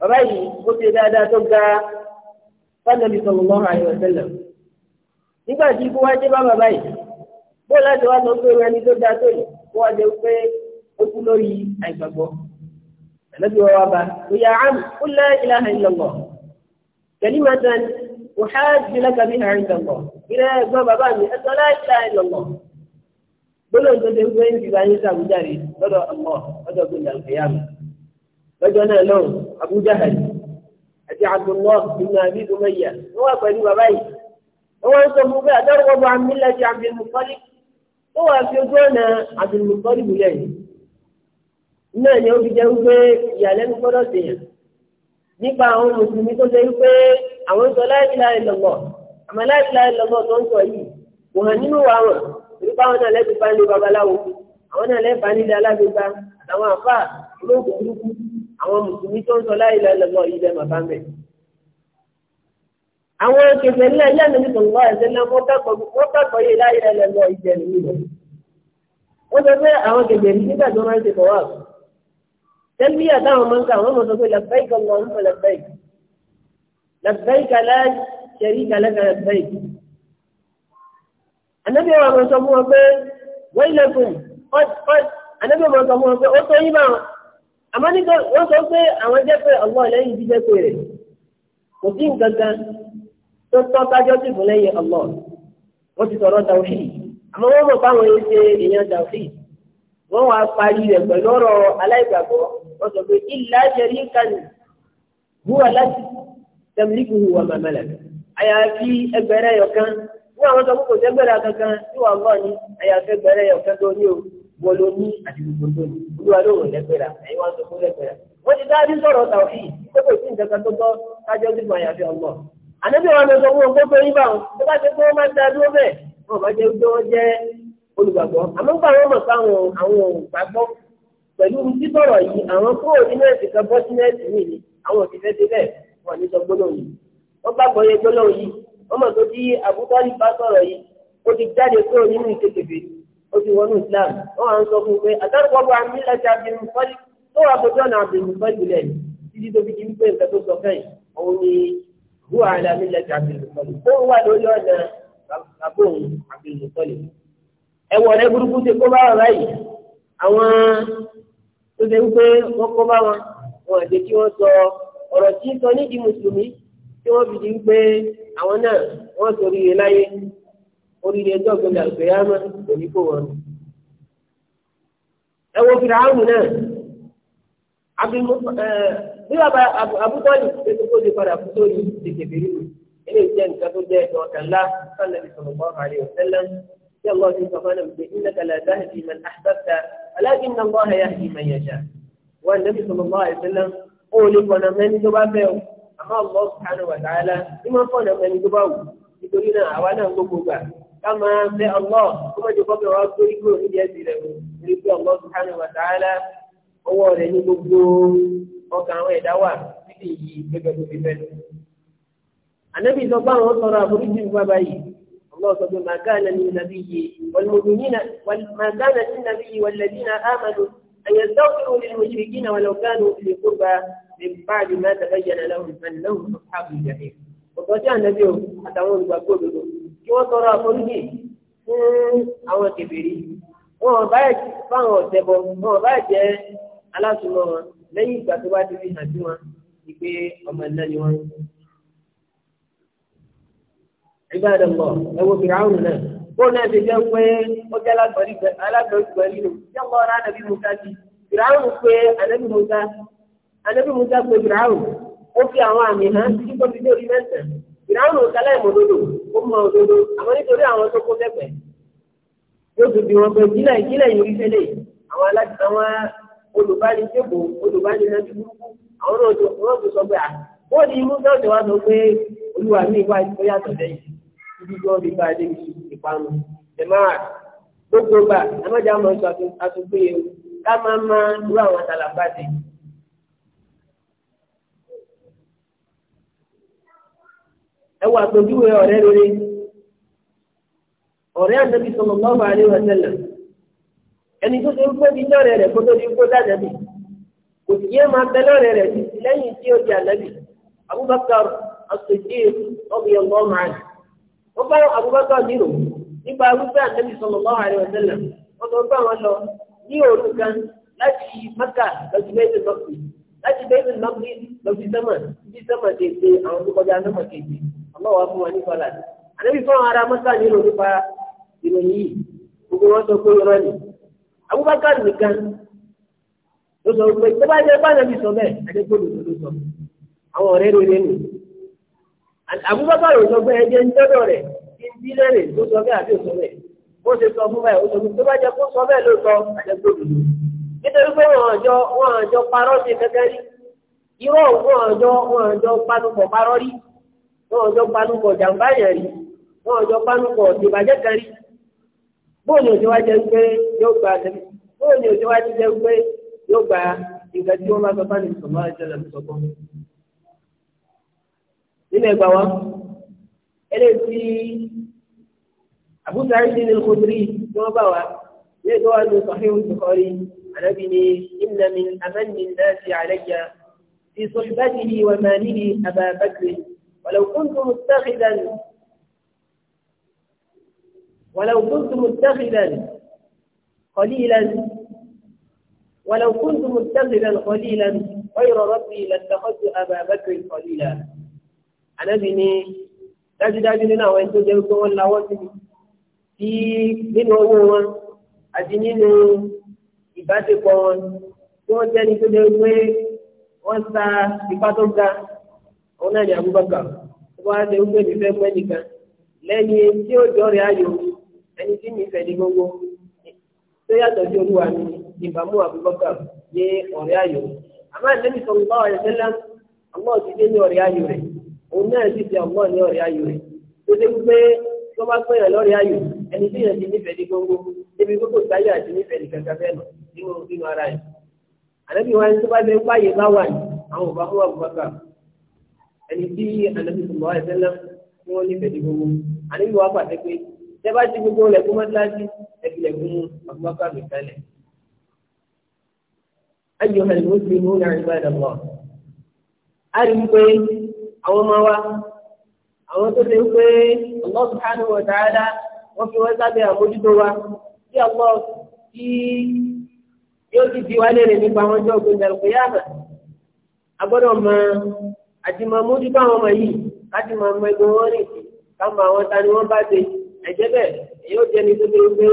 bàbá yìí ó ṣe dáadáa tó ga fánàbí sallallahu alaihi wasallam nígbà tí ikú wá dé bá bàbá yìí bó láti wá sọ pé ẹni tó dáa tó yìí kó wá jẹ pé ó kú lórí àìgbàgbọ́ ànábì wa wá bá ìyá àm qul la ilaha illallah kalimatan uhajju laka biha inda Allah ìrẹ́ ẹ̀gbọ́n bàbá mi ẹ sọ la ilaha illallah gbọ́dọ̀ tó ń gbé ń fi bá yín sàmújáde lọ́dọ̀ ọmọ ọdọ̀ gbọ́dọ̀ àlùfẹ́yà mi lọ́jọ́ náà lọ́hùn Abu Jahal àti Abdullah ibn Abi Umayya wọ́n wà pẹ̀lú bàbá yìí wọ́n wá ń sọ fún pé àdárúkọ bá mílẹ̀ ti Abdul Muttalib ó wà fi ojú ọ̀nà Abdul Muttalib lẹ̀ yìí náà ni ó fi jẹ́ wípé ìyàlẹ́nu gbọ́dọ̀ sèyàn nípa àwọn mùsùlùmí tó ṣe wípé àwọn ń sọ la ilaha illallah àmọ́ la ilaha illallah tó ń sọ yìí kò hàn nínú wa wọn nípa àwọn náà lẹ́bi ní babaláwo àwọn náà lẹ́bi bá nílé àtàwọn àfáà olóògùn burúkú àwọn mùsùlùmí tó ń sọ láyé lọ lọ ilẹ̀ màbá mẹ́. àwọn kẹfẹ́ ńlá ilé àná nípa ńlá ẹ̀sẹ̀ náà wọ́n kàkọ́ yé láyé lọ lọ ilẹ̀ mi lọ. wọ́n sọ pé àwọn kẹfẹ́ ní nígbà tó máa ń ṣe fọwọ́ àbọ̀. tẹ́lifí àtàwọn máa ń ka àwọn mọ̀tò pé làbẹ́ìkà lọ ń sọ pé wọ́n ọmọ sọ fún wọn pé ó tó yín àmọ́ nígbà wọ́n sọ pé àwọn jẹ́ pé Allah lẹ́yìn jíjẹ́ pé rẹ̀ kò sí nǹkan kan tó tọ́ tájọ́ sì fún lẹ́yìn Allah wọ́n ti sọ̀rọ̀ tàwíì àmọ́ wọ́n mọ̀ fáwọn yẹn ṣe èèyàn tàwíì wọ́n wá parí rẹ̀ pẹ̀lú ọ̀rọ̀ aláìgbàgbọ́ wọ́n sọ pé illa sharikan huwa láti tẹ̀mílíkù huwa màmẹ́lẹ̀ àyàfi ẹgbẹ̀rẹ̀ yọkan ní àwọn sọ pé kò sẹ́gbẹ̀rẹ̀ kankan tí wàá gbọ́ ni àyàfi ẹgbẹ̀rẹ̀ yọkan tó ní o wọ́n ló ní àti gbogbo tó ní olúwa ló rò lẹ́gbẹ̀rà ẹ̀yin wá sọ fún lẹ́gbẹ̀rà wọ́n ti dáadé sọ̀rọ̀ tàwí pé kò sí nǹkan kan tó tọ́ kájọ́ gbígbà àyàfi ọgbọ́ ànábì wọn lọ sọ fún wọn gbogbo yín bá wọn tó bá ṣe pé wọn máa ń da dúró bẹ́ẹ̀ wọn bá jẹ wípé wọn jẹ olùgbàgbọ́ àmọ́ nípa àwọn mọ̀ká àwọn àwọn òǹgbàgbọ́ pẹ̀lú títọ̀rọ̀ yìí àwọn kúrò nínú ẹ̀sìn kan bọ́ sínú ẹ̀sìn mi ni àwọn òsì fẹ́ débẹ̀ wọn ní sọ gbólóhùn yìí wọ́n bá gbọ́ yẹ gbólóhùn yìí wọ́n mọ̀ tó tí àbútọ́lì bá sọ̀rọ̀ yìí ó ti jáde kúrò nínú ìkékèké yìí ó ti wọnú Islam wọ́n wá ń sọ fún un pé àtàkùnkọ́gbà mílẹ̀tì abdulmufali tó wà bójú ọ̀nà abdulmufali lẹ̀ títí tó fi di wípé nǹkan tó sọ fẹ́yìn òun ni huwa ala mílẹ̀tì abdulmufali ó wà lórí ọ̀nà àbóhùn abdulmufali. ẹ̀wọ̀n rẹ̀ burúkú ti kó bá ọ̀rá yìí àwọn tó ṣe wípé wọ́n kó bá wọn wọn àti kí wọ́n sọ ọ̀rọ̀ tí ń sọ nídìí mùsùlùmí tí wọ́n fi di wípé àwọn náà wọ́n sọ oríire ẹjọ́ gbẹ̀dẹ̀ àgbẹ̀yàmọ́ kò ní kó wọn. ẹ wo fìràhánù náà bí bàbá àbúkọ́lì ṣe tó ti padà fún tó yìí ti kébé rí mi ilé ìjẹ́ nǹkan tó jẹ́ ẹ̀dọ̀ ọ̀tàlá sọ́nà ìṣòro mọ́ àlẹ́ òṣèlú tí ọmọ ti sọ fún ẹnìmọ̀ pé iná kàlà ìmọ̀ àṣàkà sí ìmọ̀ àṣàkà aláàkín náà mọ́ àyà sí ìmọ̀ yẹ̀ṣà wọn nàbí sọ̀rọ̀ mọ́ àìsílẹ̀ ó lè fọ̀nà mẹ́ni tó bá o àmọ́ ọ̀gbọ́n kánú wà dáadáa ní wọ́n fọ̀nà mẹ́ni tó bá wù ká máa fẹ́ ọlọ́ kó má jẹ́ kọ́kẹ́ wa gbórí kúrò níbi ẹ̀sìn rẹ̀ nítorí pé ọlọ́ subhanahu wa ta'ala ọwọ́ rẹ̀ ní gbogbo ọkàn àwọn ẹ̀dá wà níbi yìí gẹ́gẹ́ bó ti fẹ́. ànábì sọ fún àwọn sọ̀rọ̀ àforíjì fún bàbá yìí الله سبحانه ما كان للنبي والمؤمنين ما كان للنبي والذين آمنوا أن يستغفروا للمشركين ولو كانوا في قربى من بعد ما تبين لهم أنهم أصحاب الجحيم. وقال النبي حتى هو يقول kí wọ́n tọrọ àforíjì fún àwọn kèbèrè wọn ò báyẹ̀ fáwọn ọ̀tẹ̀bọ wọn ò báyẹ̀ jẹ́ aláṣùmọ̀ wọn lẹ́yìn ìgbà tó bá ti fi hàn sí wọn ni pé ọmọ ẹ̀dá ni wọn. Ibadallah ẹ̀wọ̀n fìràwùn náà bóun náà ti jẹ́ pé ó jẹ́ alágbẹ̀rúgbẹ̀ nínú jẹ́pọ̀ ọ̀rá ànábì Musa ti fìràwùn pé ànábì Musa ànábì Musa pé fìràwùn ó fi àwọn àmì hàn sí kó ìdáhùn òkàlẹ̀ ìmọ̀dodo ó mọ òdodo àmọ́ nítorí àwọn tó kó lẹ́pẹ̀ yóò tún bí wọn pé jílẹ̀ jílẹ̀ yìí rí fẹ́lẹ̀ àwọn aláti àwọn olùbánidébò olùbánidájú burúkú àwọn náà tó wọn tó sọ pé à wọ́n ní imú náà tó wá sọ pé olúwa mi wá ìfọ́ yàtọ̀ lẹ́yìn ibi tí wọ́n fi bá adé fi ìpanu jẹ̀máà gbogbo gbà ẹ má jẹ́ àmọ́ ìṣọ́ àtúnpéye ká máa máa dúró àwọn àtàlàbàdé ẹ wà àpèjúwe ọ̀rẹ́ rere ọ̀rẹ́ ànábì sallallahu alaihi wa sallam ẹni tó ti ń pé bí lọ́rẹ̀ rẹ̀ kó tó ti ń pé lánàbì kò sì yé máa bẹ lọ́rẹ̀ rẹ̀ títí lẹ́yìn tí ó di ànábì Abubakar as-Siddiq radiyallahu anhu wọ́n bá Abubakar nírò nípa wípé ànábì sallallahu alaihi wa sallam wọ́n tó bá wọn lọ ní òru kan láti Mẹ́kà lọ́sí bẹ́ẹ̀ lọ́sí láti bẹ́ẹ̀ lọ́sí lọ́sí sẹ́mà títí sẹ́mà tètè àwọn tó kọjá sẹ́mà tètè ọlọ́wà fún wa ní kọlà àdébí fún àwọn ará mọ́sá nílò nípa ìròyìn yìí gbogbo wọn sọ pé irọ́ ni Abubakar nìkan ló sọ pé tó bá jẹ́ báyọ̀ bí sọ bẹ́ẹ̀ adégbòdò ló sọ àwọn ọ̀rẹ́ rere nù Abubakar ò sọ pé ẹjẹ ń tọ́dọ̀ rẹ̀ kí n bí lẹ́rìn ló sọ bẹ́ẹ̀ àbí òsọ bẹ́ẹ̀ bó ṣe sọ fún báyìí ó sọ pé tó bá jẹ́ kó sọ bẹ́ẹ̀ ló sọ adégbòdò ló nítorí pé wọn àjọ wọn àjọ parọ́ ṣe kẹ́kẹ́ rí irọ́ wọn àjọ wọn àjọ panupọ̀ parọ́ rí wọn ọjọ́ panupọ̀ jàǹbá yẹn rí wọn ọjọ́ panupọ̀ ìbàjẹ́ kan rí bóòlù òjò wa jẹ́ pé yóò gba àtẹ̀lẹ́ bóòlù òjò wa jẹ́ pé yóò gba nǹkan tí wọ́n bá sọ fáwọn ìṣòro máa jẹ́ nílẹ̀ gbà wá eléyìí àbúrò àìsí ní kòtìrì tí wọ́n bá wá ilé tó wà ní sọ̀hìn olùkọ́rí ànábì ni ìnàmì àmàlì náà ti àlẹ́ yá ti sọ̀hìn bá ti ní ìwà àbá bákìrì. ولو كنت متخذا ولو كنت متخذا قليلا ولو كنت متخذا قليلا غير ربي لاتخذت أبا بكر قليلا أنا بني dájúdájú nínú àwọn ẹni tó jẹ́ pé wọ́n lawọ́ síbi tí nínú owó wọn àti nínú ìbáṣepọ̀ wọn tí wọ́n jẹ́ ní tó jẹ́ pé wọ́n sa ipá tó ga òun ni ní Abubakar tó bá ṣe wípé mi fẹ́ mú ẹnìkan lẹ́ni tí ó jọ rẹ̀ ayò ẹni tí mi fẹ́ ní gbogbo tó yàtọ̀ sí olúwa mi ìbámu Abubakar ní ọ̀rẹ́ ayò àmọ́ ẹ̀lẹ́mi sọ̀rọ̀ bá ọ̀rẹ́ sẹ́lá àmọ́ ti dé ní ọ̀rẹ́ ayò rẹ̀ òun náà sì ti àmọ́ ní ọ̀rẹ́ ayò rẹ̀ tó dé wípé tó bá pẹ́ yàn lọ́rẹ́ ayò ẹni tí yàn ti nífẹ̀ẹ́ ní gbogbo débi gbogbo sáyà àti nífẹ̀ẹ́ ní kankan bẹ́ẹ̀ nù nínú nínú ara yìí àlẹ́bí tó bá fẹ́ báyìí bá wà àwọn ò bá mú Abubakar ẹni tí ànábì sọ̀rọ̀ wá ẹ̀sẹ̀lẹ̀ tí wọ́n nífẹ̀ẹ́ di gbogbo àníbi wàá pàṣẹ pé tẹ́ bá ti gbogbo lẹ̀kún mọ́tíláṣí ẹ̀fìlẹ̀kún àbúbákà mi kalẹ̀. ayọ̀ hàn ló ti mú náà ìgbà ìdàgbọ́. a rí i pé àwọn ọmọ wa àwọn tó ṣe ń pé Allah subhanahu wa ta'ala wọ́n fi wọ́n sábẹ́ àmójútó wa tí Allah kí yóò ti di wálé rẹ̀ nípa àwọn ọjọ́ ògbóǹdà ìpéyàmà a gbọ́dọ̀ mọ àti máa mójú báwọn ọmọ yìí láti máa mọ ẹgbẹ́ wọn rìn sí káwọn àwọn ta ni wọ́n bá ṣe ẹ̀jẹ̀ bẹ́ẹ̀ èyí ó jẹ́ni tó tó gbé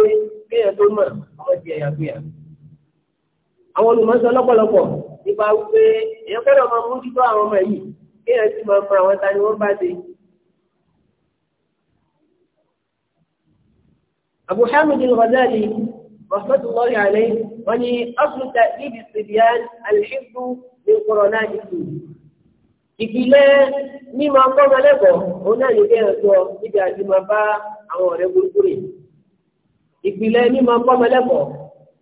kéèyàn tó mọ̀ ọmọ ti ẹ̀yà gbé yà. àwọn olùmọ̀sán lọ́pọ̀lọpọ̀ nípa wípé èyàn fẹ́ràn máa mójú tó àwọn ọmọ yìí kéèyàn sì máa mọ àwọn ta ni wọ́n bá ṣe. Abu Hamid al-Ghazali rahmatullahi alayhi wọ́n ní aslu ta'dib as-sibyan al-hifz ìpìlẹ̀ mímọ akọ́mọ lẹ́kọ̀ọ́ òun náà yóò kẹ́hìn sọ níbi àti máa bá àwọn ọ̀rẹ́ burúkú rè ìpìlẹ̀ mímọ akọ́mọ lẹ́kọ̀ọ́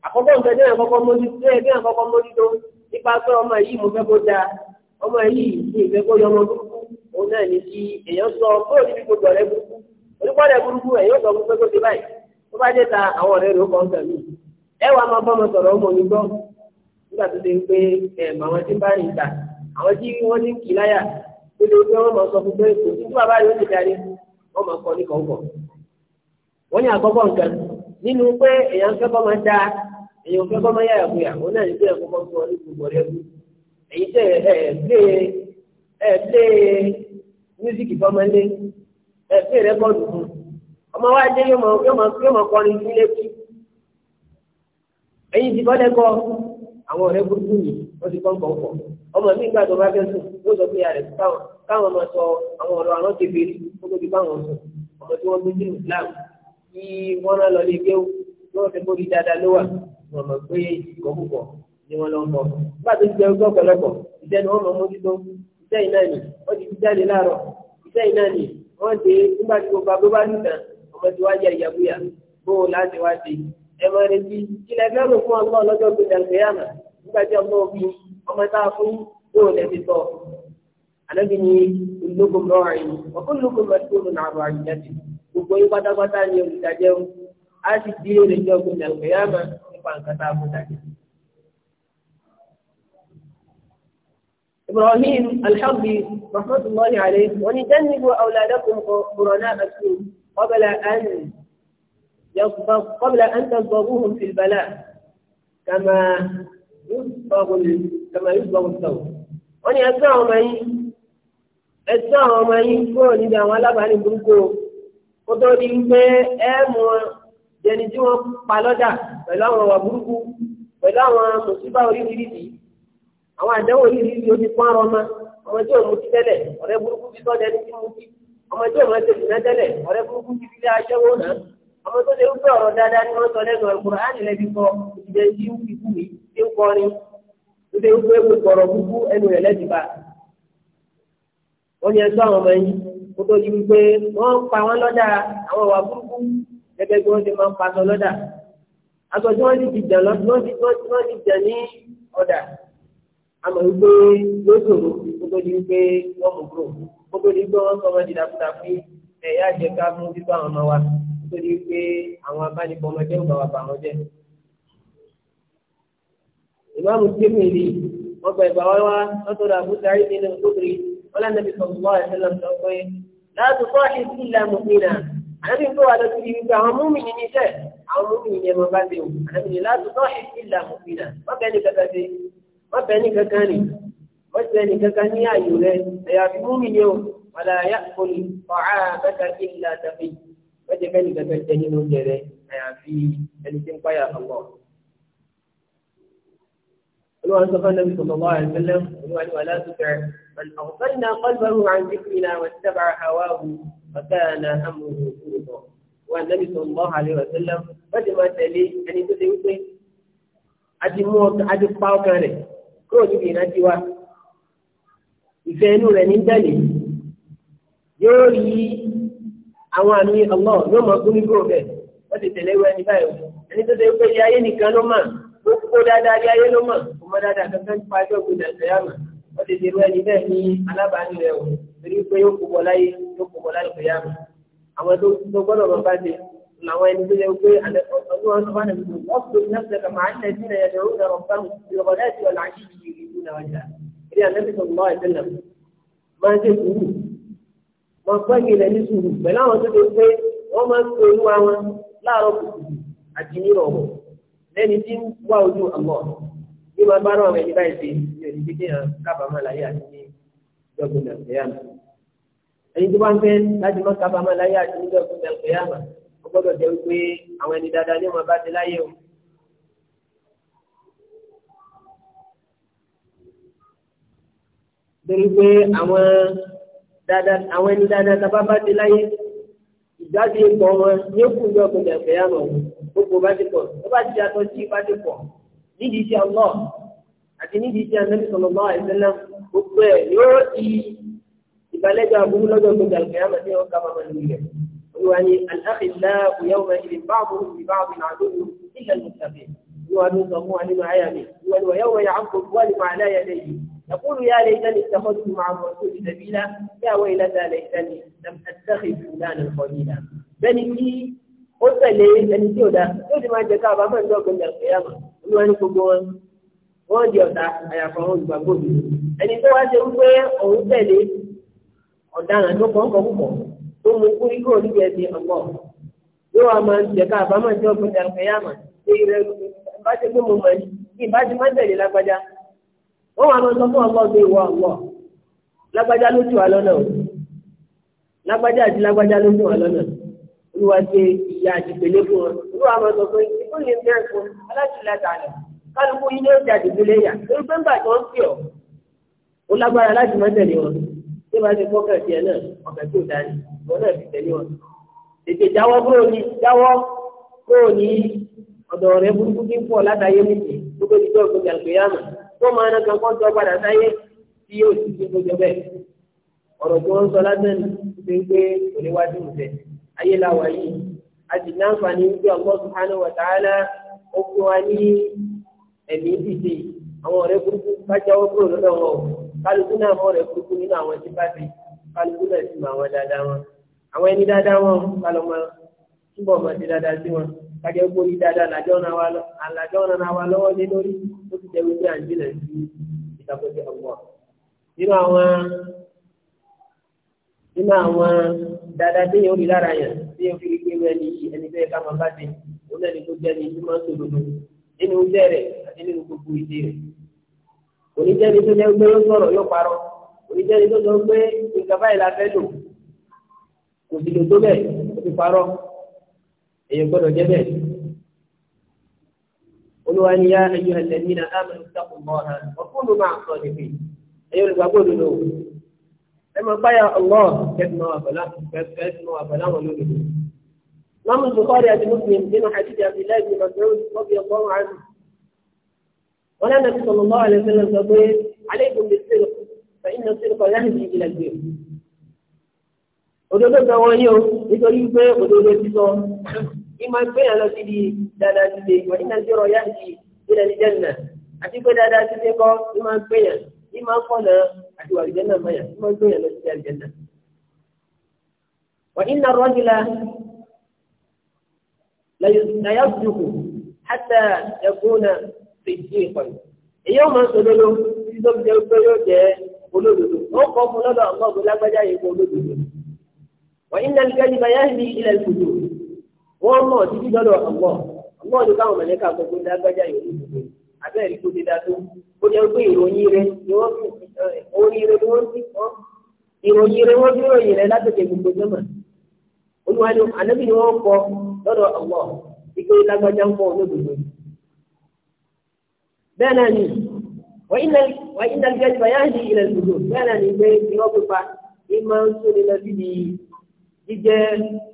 àkọ́kọ́ nǹkan tí wọ́n kọ́kọ́ mójú tó ẹ̀ kí wọ́n kọ́kọ́ mójú tó nípa pé ọmọ yìí mo fẹ́ kó da ọmọ yìí mi ìfẹ́ kó yọ ọmọ burúkú òun náà ní kí èèyàn sọ kó níbi gbogbo ọ̀rẹ́ burúkú onípọ̀lẹ̀ burúkú èèyàn sọ fún pé kó ti báyìí àwọn tí wọ́n ní kì láyà tó lè fẹ́ máa sọ fún pé kò sí tí bàbá yóò ti darí wọ́n máa kọ́ ní kọ̀ọ̀kọ̀. wọ́n ní àkọ́kọ́ nǹkan nínú pé èèyàn fẹ́ máa dáa èèyàn fẹ́ máa yára fún yà wọ́n náà ní ẹ̀kọ́ kọ́ fún ọ ní gbogbo rẹ̀ kú. èyí tẹ ẹ plé ẹ mísíkì fọmọlé ẹ plé rẹ́kọ́ọ̀dù fún ọmọ wa dé yóò máa kọrin sí létí. èyí ti bọ́ lẹ́kọ̀ọ́ àwọn ọ̀rẹ́ burúkú yìí wọ́n ti kọ́ ń kọ́ ń kọ́ ọmọ mi gbà bá fẹ́ sùn yóò sọ pé ààrẹ káwọn káwọn máa sọ àwọn ọ̀rọ̀ àwọn tèbè kó tó di báwọn sùn ọmọ tí wọ́n gbé sínú Islam kí wọ́n rán lọ lé géwù tí wọ́n fẹ́ kó dáadáa ló wà wọ́n mọ̀ pé ìkọ̀ ni wọ́n lọ ń nígbà tó ti jẹ ogún ọ̀pọ̀lọpọ̀ ìṣe ni wọ́n mọ̀ mójútó iṣẹ́ iná wọ́n ti ti jáde láàárọ̀ iṣẹ́ iná wọ́n dé ọmọ tá a fún yóò lẹ́bi tọ́ ànábì ní ológun lọ́rin ọkùnrin ológun lọ́rin tó lọ́nà àrùn àyíjáde gbogbo yín pátápátá ni olùdájẹ́ o a sì di èrè jọ gbọdọ̀ kẹ́yàmà nípa nǹkan tá a fún dájẹ́. إبراهيم الحربي رحمة الله عليه ونجنبوا أولادكم قرناء السوء قبل أن قبل أن تصبغوهم في البلاء كما يصبغ kama yusuf ọ̀sán wọ́n ní ẹ̀sán àwọn ọmọ yín ẹ̀sán àwọn ọmọ yín kúrò níbi àwọn alábàání burúkú kó tó di pé ẹ mú jẹni tí wọ́n pa lọ́jà pẹ̀lú àwọn ọ̀wà burúkú pẹ̀lú àwọn mùsùlùmí oríṣiríṣi àwọn awọn oríṣiríṣi ó ti pọ́n ara ọmọ ọmọ tí òun ti tẹ́lẹ̀ ọ̀rẹ́ burúkú ti tọ́jà ẹni tí mo ọmọ tí òun ti tẹ̀lẹ̀ tẹ́lẹ̀ ọ̀rẹ́ burúkú ti fi lé náà ọmọ tó ṣe wípé ọ̀rọ̀ dáadáa ni wọ́n sọ lẹ́nu ó dé wípé gbogbo ọ̀rọ̀ gbogbo ẹnu rẹ̀ lẹ́dìbà wọ́n yẹ sọ àwọn ọmọ yìí kó tó di wípé wọ́n pa wọ́n lọ́dà àwọn ọ̀wà burúkú gẹ́gẹ́ bí wọ́n ti máa ń pa aṣọ lọ́dà aṣọ tí wọ́n ti ti jà lọ́dún wọ́n ti jà ní ọ̀dà àmọ́ wípé lóṣòro kó tó di wípé wọ́n mú kúrò kó tó di wípé wọ́n sọ wọn di dàkúdàkú ẹ̀yà àjẹká mú bíbá àwọn ọmọ wa kó tó di wípé àwọn abánibọ̀ ọmọdé ń bá wa bà wọn jẹ́ ìmáàmù tìrìmìlì wọn gba ìgbà wá wá lọ́tọ̀dọ̀ àbúta rí nínú ìkókiri wọn lẹ́nu bí sọ̀rọ̀ ẹ̀sẹ̀lẹ̀ sọ pé láti fọ́ ìsú ìlànà ìlà àbí tó wà lọ́tọ̀ ìrìn gba àwọn múmìnì ní iṣẹ́ àwọn múmìnì ní ẹmọ bá dé o àbí ní láti fọ́ ìsú ìlànà ìlà wọ́n bẹ́ẹ̀ ní kankan ṣe wọ́n bẹ́ẹ̀ ní kankan rìn wọ́n ti bẹ́ẹ̀ kankan ní ààyò rẹ ẹ̀yà fi múmìnì o wàlà yàkùnì ọ̀hà bẹ́ẹ̀ bẹ́ẹ̀ kankan jẹ nínú oúnjẹ rẹ الوان صفى النبي صلى الله عليه وسلم الوان ولا تطع من أغفلنا قلبه عن ذكرنا واتبع هواه فكان أمره فرطا والنبي صلى الله عليه وسلم قد ما تلي أن يتدعي به àti mú ọkàn àti pa ọkàn rẹ̀ kúrò níbi ìrántí wa ìfẹ́ inú rẹ̀ ní tẹ̀lé yóò rí àwọn àmì ọlọ́ọ̀ yóò máa kú ní kúrò bẹ́ẹ̀ wọ́n ti tẹ̀lé wẹ́ni báyìí ẹni tó ṣe pé ayé nìkan ló máa gbogbo dáadáa ní ayé ló mọ̀ ọmọ dáadáa kankan nípa ẹjọ́ gbọdọ̀ ṣẹ̀yàmà wọ́n ti dèrò ẹni bẹ́ẹ̀ ní alábàání rẹ̀ o torí pé yóò kó bọ́ láyé yóò kó bọ́ láyé ṣẹ̀yàmà àwọn tó tó gbọ́dọ̀ bá bá dé làwọn ẹni tó yẹ pé ọdún wọn bá nàbí tó wọ́n fi náà ṣẹ̀kà máa ń tẹ̀sí rẹ̀ ẹ̀rọ ìrọ̀ bá mi ìrọ̀ náà ti ọ̀là àti ìyè ìlú náà jà ilé àtẹ́sí tó lọ́ ẹ̀sẹ̀ náà máa ń ṣe sùúrù wọn pẹ́ kí ilẹ̀ ní sùúrù pẹ̀lú àwọn tó ti pé wọ́n máa ń pe olúwa wọn láàárọ̀ kùtù àti nírọ̀wọ̀ lẹ́ni tí ń wá ojú àmọ́ bí wọ́n bá rán ọmọ ẹni báyìí sí ní òní gbígbé hàn kábàámọ̀ láyé àti ní ìjọba ìlànà ẹni tó bá ń fẹ́ láti mọ́ kábàámọ̀ láyé àti ní ìjọba ìlànà ó gbọ́dọ̀ jẹ́ wípé àwọn ẹni dáadáa ní wọn bá ti láyé o. torí pé àwọn ẹni dáadáa tá a bá bá ti láyé ìgbádìí pọ̀ wọn yóò kú ìjọba ìlànà gbogbo bá ti pọ̀ tó bá ti yàtọ̀ sí bá ti pọ̀ nídìí iṣẹ́ ọlọ́ àti nídìí iṣẹ́ anábì sọ̀rọ̀ lọ́wọ́ àìsẹ́lẹ̀ gbogbo ẹ̀ yóò di ìbálẹ́jọ́ aburú lọ́jọ́ gbogbo àlùkìyàmọ̀ tí wọ́n ká máa lù rẹ̀ olùwà ni aláfẹ́lá òyàwó ìrìn báàbò ìbáàbò àdóhùn ilẹ̀ lùtàbí olùwà ló sọ fún àlínú àyà mi olùwà yàwó ya àǹkó wàlì máa láyà lẹ́yìn يقول يا ليتني اتخذت مع الرسول سبيلا يا ويلتى ليتني لم اتخذ فلانا خليلا بل ó tẹ̀lé ẹni tí ò dáa yóò ti máa jẹ ká àbámọ̀ ní ọ̀gbìn ìyàgbé yàmà olúwa ní gbogbo wọn wọ́n di ọ̀tá àyàfọ̀ àwọn olùgbàgbọ́ mi ẹni tó wá ṣe wípé òun tẹ̀lé ọ̀daràn tó kàn kọ́ púpọ̀ tó mú kú ikú oníbi ẹ̀mí ọ̀pọ̀ yóò wá máa jẹ ká àbámọ̀ ní ọ̀gbìn ìyàgbé yàmà ṣe ìrẹ wọ́n wá máa sọ fún ọgbọ́n pé ìwọ ọ̀gbọ́ lágbájá ló tù wá lọ́nà lágbájá àti lágbájá ló tù wá lọ́nà olúwa ṣe ìyá àdìgbélé fún ọ olúwa máa sọ pé ìbò yìí ń bẹ̀rẹ̀ fún aláṣìláta rẹ̀ kálukú yìí lóò ṣe àdìgbélé yà torí pé ńgbà tí wọ́n ń pè ọ́ ó lágbára láti má tẹ̀lé wọn tí wọ́n ti fọ́kàn tiẹ̀ náà ọ̀kẹ́ tó dání wọn náà fi tẹ̀lé wọn. tètè jáwọ́ kúrò ní jáwọ́ kúrò ní ọ̀dọ̀ rẹ burúkú kí ń pọ̀ látàyé méjì gbogbo ìjọ ìgbòkè àgbéyàmọ̀ tó máa ná ọ̀rọ̀ tí wọ́n ń sọ lásán ní pé kò ní wá sí ayé la wà yìí a sì láǹfààní wípé Allah subhanahu wa ta'ala ó fún wa ní ẹ̀mí dìde àwọn ọ̀rẹ́ burúkú bá jáwọ́ kúrò lọ́dọ̀ wọn o kálukú náà mọ̀ ọ̀rẹ́ burúkú nínú àwọn tí bá ti kálukú náà sì mọ àwọn dáadáa wọn àwọn ẹni dáadáa wọn kálọ̀ mọ́ túbọ̀ mọ́ ti dáadáa sí wọn kájẹ́ kó dáadáa làjọ́ náà wá lọ́wọ́ lé lórí ó sì jẹ́ wípé à ń jìnà sí ìtàkùn nínú àwọn dáadáa téèyàn ó rí lára yàn téèyàn fi rí pé wọ́n ẹni yìí ẹni bẹ́ẹ̀ ká máa bá dé òun náà ni tó jẹ́ ni tó máa ń sòdodo nínú iṣẹ́ rẹ̀ àti nínú gbogbo ìdí rẹ̀. oníjẹ́ni tó jẹ́ pé ó sọ̀rọ̀ yóò parọ́ oníjẹ́ni tó sọ pé nǹkan báyìí la fẹ́ lò kò sì lò tó bẹ́ẹ̀ ó ti parọ́ èèyàn gbọ́dọ̀ jẹ́ bẹ́ẹ̀. olúwa ni yá ayé ẹlẹ́mìnà ámàlùkàkùn mọ́ ẹ máa báyà Allah kẹ́tùmọ̀ àbọ̀lá kẹ́tùmọ̀ àbọ̀lá wọn lónìí. Mọ́mú Bukhari àti Muslim nínú àdìdì Abdullahi bin Mas'ud wọ́n fi ọgbọ́n wọn àdùn. Wọ́n lẹ́nu ti sọ̀rọ̀ lọ́wọ́ àlẹ́ sílẹ̀ sọ pé alaykum bis-sidq fa inna as-sidq yahdi ila al-bir. Òdodo sọ wọn yóò nítorí pé òdodo ti sọ. Ìmọ̀ ìgbé yàn lọ síbi dáadáa ti dé ìwọ̀n iná zero yahdi ila al-jannah àti pé dáadáa ti dé kọ́ ìmọ̀ ìgbé yàn ìmọ̀ kọ́nà àti àlùjẹ́nà mọ́yà tí wọ́n gbé yẹn lọ sí àlùjẹ́nà. wà iná rọ́jìlá làyàbùdùkù hátà ẹ̀kúnà fèjì ìkọ̀yì. èyí ó máa ń sọdọ́dọ́ tí tó jẹ́ pé yóò jẹ́ olódodo ó kọ́ fún lọ́dọ̀ àwọn ọ̀gbọ́n lágbájá yìí kó olódodo. wà iná gẹ́gẹ́ bá yáhìn ní ilẹ̀ ìkùdù wọ́n mọ̀ títí lọ́dọ̀ àwọn ọ̀gbọ́n ọ̀gbọ́n abẹ́rẹ́ kó ti da tó ó jẹ́ pé ìròyìn rẹ ni wọ́n fi eh, orí rẹ ni wọ́n fi kọ́ ìròyìn rẹ wọ́n fi ròyìn rẹ látòkè gbogbo sọ́mà olúwa ni ànábì ni wọ́n kọ lọ́dọ̀ ọ̀wọ́ ìgbé lágbájá ń kọ́ olódodo bẹ́ẹ̀ náà ni wà ìdá gẹ́gẹ́ bá yáàdì ilẹ̀ ìdòdò bẹ́ẹ̀ náà ni pé ìwọ́n pípa ìmọ̀ ń sún ni lọ sí ni jíjẹ́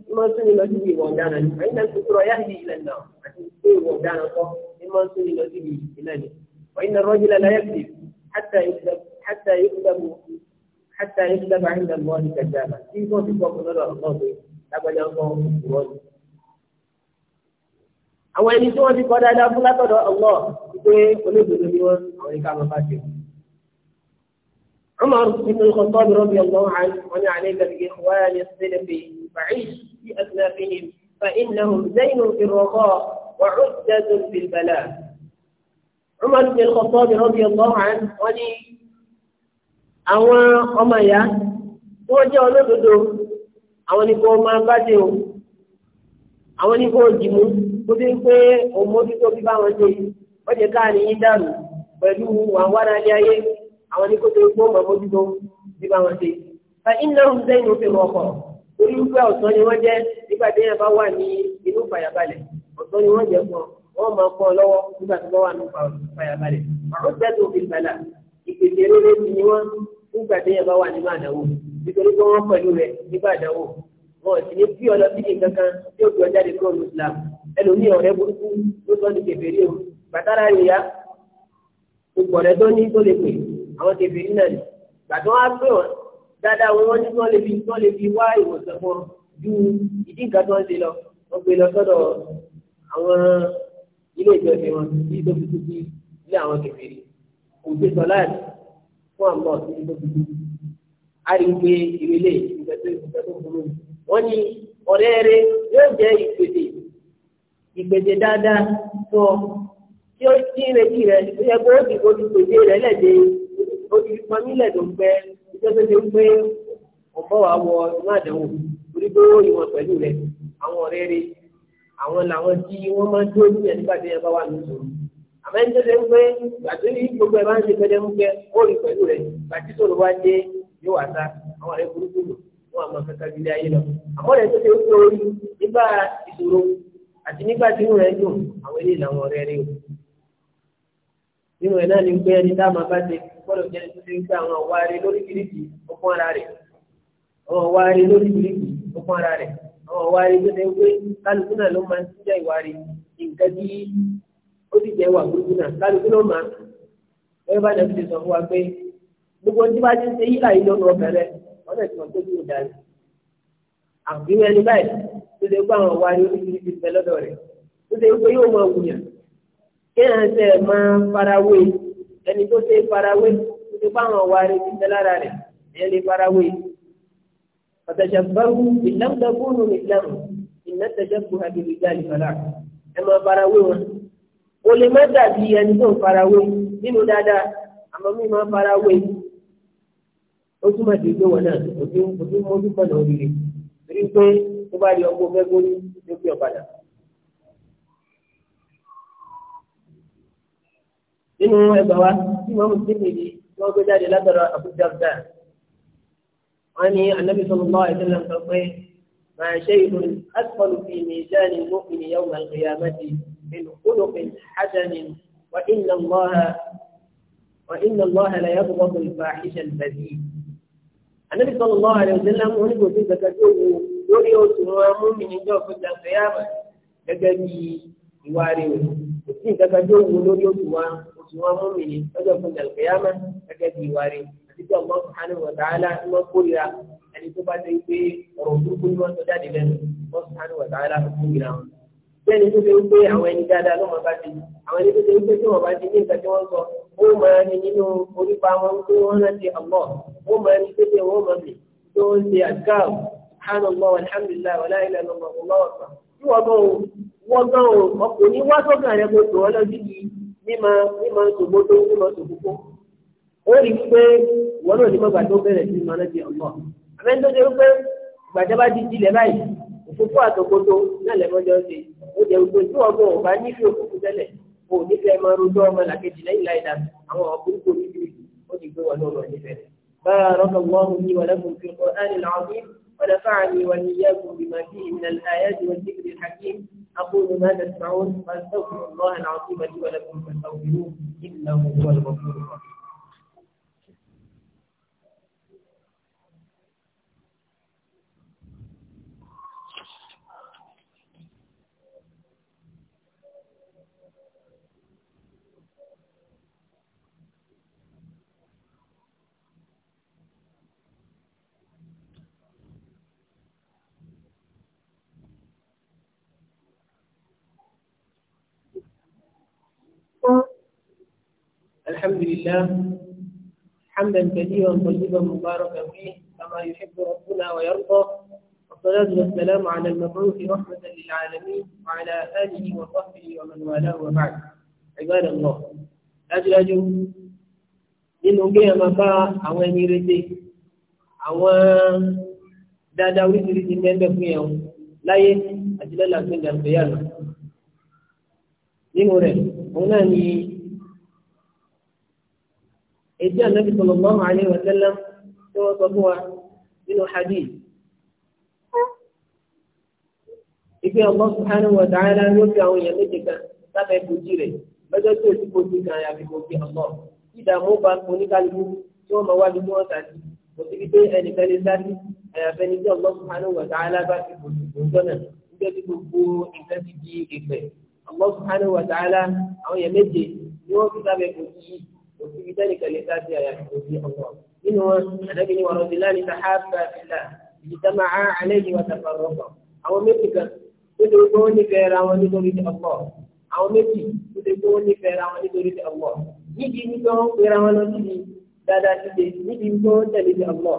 ìmọ̀ ń sún ni lọ sí ni ìwọ̀ ọ̀daràn ni wà ìdá gẹ́gẹ́ bá yáàdì ilẹ̀ náà àti ìwọ̀ ọ̀daràn kọ́. مما سئل به وإن الرجل لا يكذب حتى يكذب حتى يكذب حتى يكذب عند الله كذابا في صوت فوق الله lágbàjá ń sọ ìwọ ni. àwọn ẹni tí wọ́n ti kọ dáadáa fún látọ̀dọ̀ ọlọ pé olóògbé ni wọ́n àwọn ìka máa bá ṣe. عمر بن الخطاب رضي الله عنه وعن عليك بإخوان السلف فعيش في أسلافهم فإنهم زين في الرخاء وعدة في البلاء عمر بن الخطاب رضي الله عنه ولي àwọn ọmọ ìyá tí wọ́n jẹ́ olódodo àwọn ni kò máa bá dé o àwọn ni kò dìmú kó bí pé òmójútó bí bá wọn dé wọ́n jẹ́ káà ní dàrú pẹ̀lú àwárá ilé ayé àwọn ni kò tó gbó mọ̀mójútó bí bá wọn dé. fa iná ń bẹ́ẹ̀ ní òfin ọkọ̀ torí wípé ọ̀sán ni wọ́n jẹ́ nígbà tí yẹn bá wà ní inú fàyàbalẹ̀ lórí wọ́n jẹ́ fún ọ wọ́n máa kọ́ ọ lọ́wọ́ nígbà tí wọ́n wà ní ìfàyàbalẹ̀ àwọn tẹ́tù fi gbàlà ìpèsè rere ti ni wọ́n nígbà tí yẹn bá wà nínú àdáwò nítorí pé wọ́n pẹ̀lú rẹ̀ nígbà àdáwò wọn sì ní bí ọlọ́ sí kankan tí ó gbé ọjà lè kúrò ní Islam ẹlòmíì ọ̀rẹ́ burúkú ló sọ ní kẹfẹ́rí o bàtàrà rẹ̀ yá gbogbo ọ̀rẹ́ tó ní tó lè pè àwọn kẹfẹ́rí náà gbàtọ́ wá pé wọn dáadáa wọn ní tó lè fi tó lè fi wá ìwòsàn fún ju ìdí nǹkan tó ń ṣe lọ wọn gbé lọ sọ́dọ̀ àwọn ilé ìjọsìn wọn bí tó fi títí ilé àwọn kẹfìrí kò gbé sọláàtì fún àwọn ọ̀sìn tó fi títí a rí gbé ìrẹ̀lẹ̀ ìgbẹ́sẹ̀ tó burú wọn ni ọ̀rẹ́ rẹ yóò jẹ́ ìpèsè ìpèsè dáadáa fún ọ tí ó tí ń retí rẹ ẹgbẹ́ ó ti kó ti pèsè rẹ lẹ́dẹ̀ ó ti fi pamí lẹ́dọ̀ pé ìjọba ti ń pé ọ̀pọ̀ wa wọ inú àdánwò orí pé ó yìnbọn pẹ̀lú rẹ àwọn ọ̀rẹ́ rẹ àwọn làwọn tí wọ́n máa dúró ní ẹ̀ nígbà tí ẹ bá wà nítorí àmọ́ ẹni tó ṣe ń pé gbàtú ní gbogbo ẹ bá ń ṣe pẹ́ẹ́dẹ́ ń pẹ́ ó rí pẹ̀lú rẹ̀ gbàtí tó ló wá dé yóò wá sá àwọn ọ̀rẹ́ burúkú lò wọn àmọ́ kankan ju ilé ayé lọ àmọ́ ẹ̀ tó ṣe ń pé orí nígbà ìṣòro àti nígbà tí inú rẹ̀ dùn àwọn eléyìí làwọn ọ̀rẹ́ rẹ̀ o nínú ẹ̀ náà ni pé ẹni dáàmà bá ṣe gbọ́dọ̀ jẹ́ tó ṣe ń pé àwọn àwárí lóríṣiríṣi ó pọ́n ara rẹ̀ àwọn àwọn ọ̀wá rí lóde pé kálukú náà ló máa ń síjà ìwà rí nǹkan tí ó sì jẹ́ ìwà burúkú náà kálukú náà máa wọ́n bá dẹ̀ fi sọ fún wa pé gbogbo tí bá ti ṣe yílà yìí lọ́nu ọbẹ̀ rẹ wọ́n lè sọ pé kí o darí. àbíwẹ́ ni báyìí tó ṣe pé àwọn ọ̀wá rí oríṣiríṣi fẹ́ lọ́dọ̀ rẹ̀ tó ṣe pé yóò máa wùyàn kéèyàn ṣe máa farawé ẹni tó ṣe farawé tó ṣe pé àwọn ọ̀wá rí ọ̀tẹ̀jẹ̀bẹ̀rù ìlànàgbọ́nù nìlànà ìlànàtẹ̀jẹ̀bùhà bìbìjà ìfàlà ẹ máa farawé wọn. o lè má dàbí ẹni tó ń farawé nínú dáadáa àmọ́ mi máa farawé ó túmọ̀ sí pé wọn náà òbí òbí mójú pọ̀nà òrìrì torí pé tó bá rí ọgbọ́n fẹ́ gbórí ló fi ọ̀padà. nínú ẹgbàá wa tí mọ́mú sí mi ni wọ́n gbé jáde látọ̀rọ̀ àbújá dáa. عن النبي صلى الله عليه وسلم فقيه ما شيء ادخل في ميزان المؤمن يوم القيامة من خلق حسن وإن الله وإن الله لا يضبط الفاحش البذيء النبي صلى الله عليه وسلم هو نبي في ذكره يوري من جو في القيامة كجدي يواري في ذكره يوري وتوام وتوام من جو في القيامة كجدي يواري títí ọgbọ́n sùhánù wọ̀tàálà ni wọ́n kórìíra ẹni tó bá ti pé ọ̀rọ̀ burúkú ni wọ́n sọ jáde lẹ́nu ọgbọ́n sùhánù wọ̀tàálà ló kórìíra wọn. bẹ́ẹ̀ni tó ṣe ń pé àwọn ẹni dáadáa ló máa bá ti àwọn ẹni tó ṣe ń pé tí wọ́n bá ti ní nǹkan tí wọ́n sọ ó máa ní nínú orípa wọn pé wọ́n rántí ọgbọ́n ó máa ní pé wọ́n máa mì tó ń ṣe àdúrà subhanallah alhamdulillah wàlá ó rí i pé wọn náà ní mọ́gbà tó bẹ̀rẹ̀ sí máa lẹ́bi ọ̀nà àmẹ́ tó ṣe wípé gbàjọba ti dilẹ̀ báyìí òfófó àtòkòtò náà lẹ́mọ́jọ́ ṣe ó jẹ́ wípé tí wọ́n gbọ́ ọ̀bá nífẹ̀ẹ́ òfófó tẹ́lẹ̀ kò nífẹ̀ẹ́ máa rojọ́ ọmọ làkejì lẹ́yìn láìda àwọn ọ̀bùrúkọ níbi ó ti gbé wọn náà nífẹ̀ẹ́ بارك أقول ما تسمعون وأستغفر الله العظيم لي ولكم فاستغفروه إنه هو الغفور الرحيم الحمد لله حمدا كثيرا طيبا مباركا فيه كما يحب ربنا ويرضى والصلاة والسلام على المبعوث رحمة للعالمين وعلى آله وصحبه ومن والاه وبعد عباد الله أجلج nínú gbé ẹ̀ma bá àwọn ẹni rete àwọn dáadáa oríṣiríṣi mẹ́ńbẹ́ fún yẹn láyé àti lọ́la fún ìdàgbéyàwó nínú èdè ànábì sallallahu alaihi wa sallam tí wọ́n sọ fún wa nínú hadith. ìpín Allah subhanahu wa ta'ala yóò fi àwọn èèyàn méje kan lábẹ́ ìbòjì rẹ̀ lọ́jọ́ tí òsì kojú kan àyàfi kò fi ọ̀pọ̀ ìdààmú bá oníkálukú tí wọ́n máa wá dúró wọn sàtì kò sí pé ẹnìkan lè sáré àyàfẹ́ ní tí Allah subhanahu wa bá fi bòjì gbòǹgbọ́n náà níjọ́ tí gbogbo nǹkan ti di ìpẹ́ Allah subhanahu wa ta'ala àwọn èèyàn méje ni wọ́n fi lábẹ́ ìbòjì yìí وفي ذلك لذات آيات الله منه الذي ورجلان تحابا في الله اجتمعا عليه وتفرقا أو مثلك كل كون فيرا ونوريد الله أو مثل كل كون فيرا ونوريد الله نجي نكون فيرا ونوريد dada títẹ níbi tó ń tẹ̀lé ti ọlọ́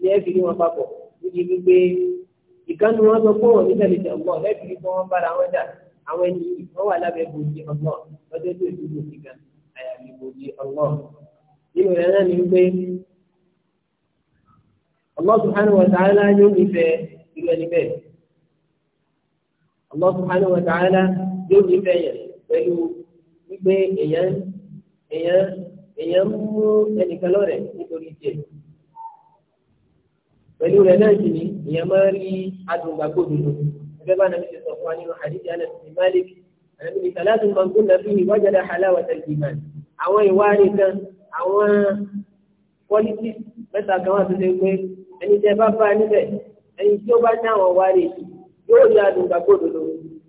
ní ẹ fi ní wọn papọ̀ níbi wípé ìkànnì wọn sọ pé wọn ní tẹ̀lé ti ọlọ́ ẹ fi ní wọn bára wọn dà àwọn ẹni wọn wà lábẹ́ bòójì ọlọ́ lọ́jọ́ tó ìdúró sí gan-an ìbòjì ọlọ́ nínú rẹ̀ náà ni pé Allah subhanahu wa ta'ala yóò nífẹ̀ẹ́ irú ẹni bẹ́ẹ̀ Allah subhanahu wa ta'ala yóò nífẹ̀ẹ́ yẹn pẹ̀lú wípé èèyàn èèyàn èèyàn mú ẹnìkan lọ́rẹ̀ nítorí tiẹ̀ pẹ̀lú rẹ̀ náà sì ni èèyàn máa rí adùnbàgbò dúdú ẹgbẹ́ bá nàbí sọ fún wa nínú hadith Anas bin Malik ni sàlátùn man kunna fihi wajada halawata al-iman àwọn ìwárí kan àwọn pọ́lítì mẹ́ta kan wà tó ṣe pé ẹni tẹ bá bá níbẹ̀ ẹni tí ó bá ní àwọn ìwárí yóò yá àdùnkàgbò dòdò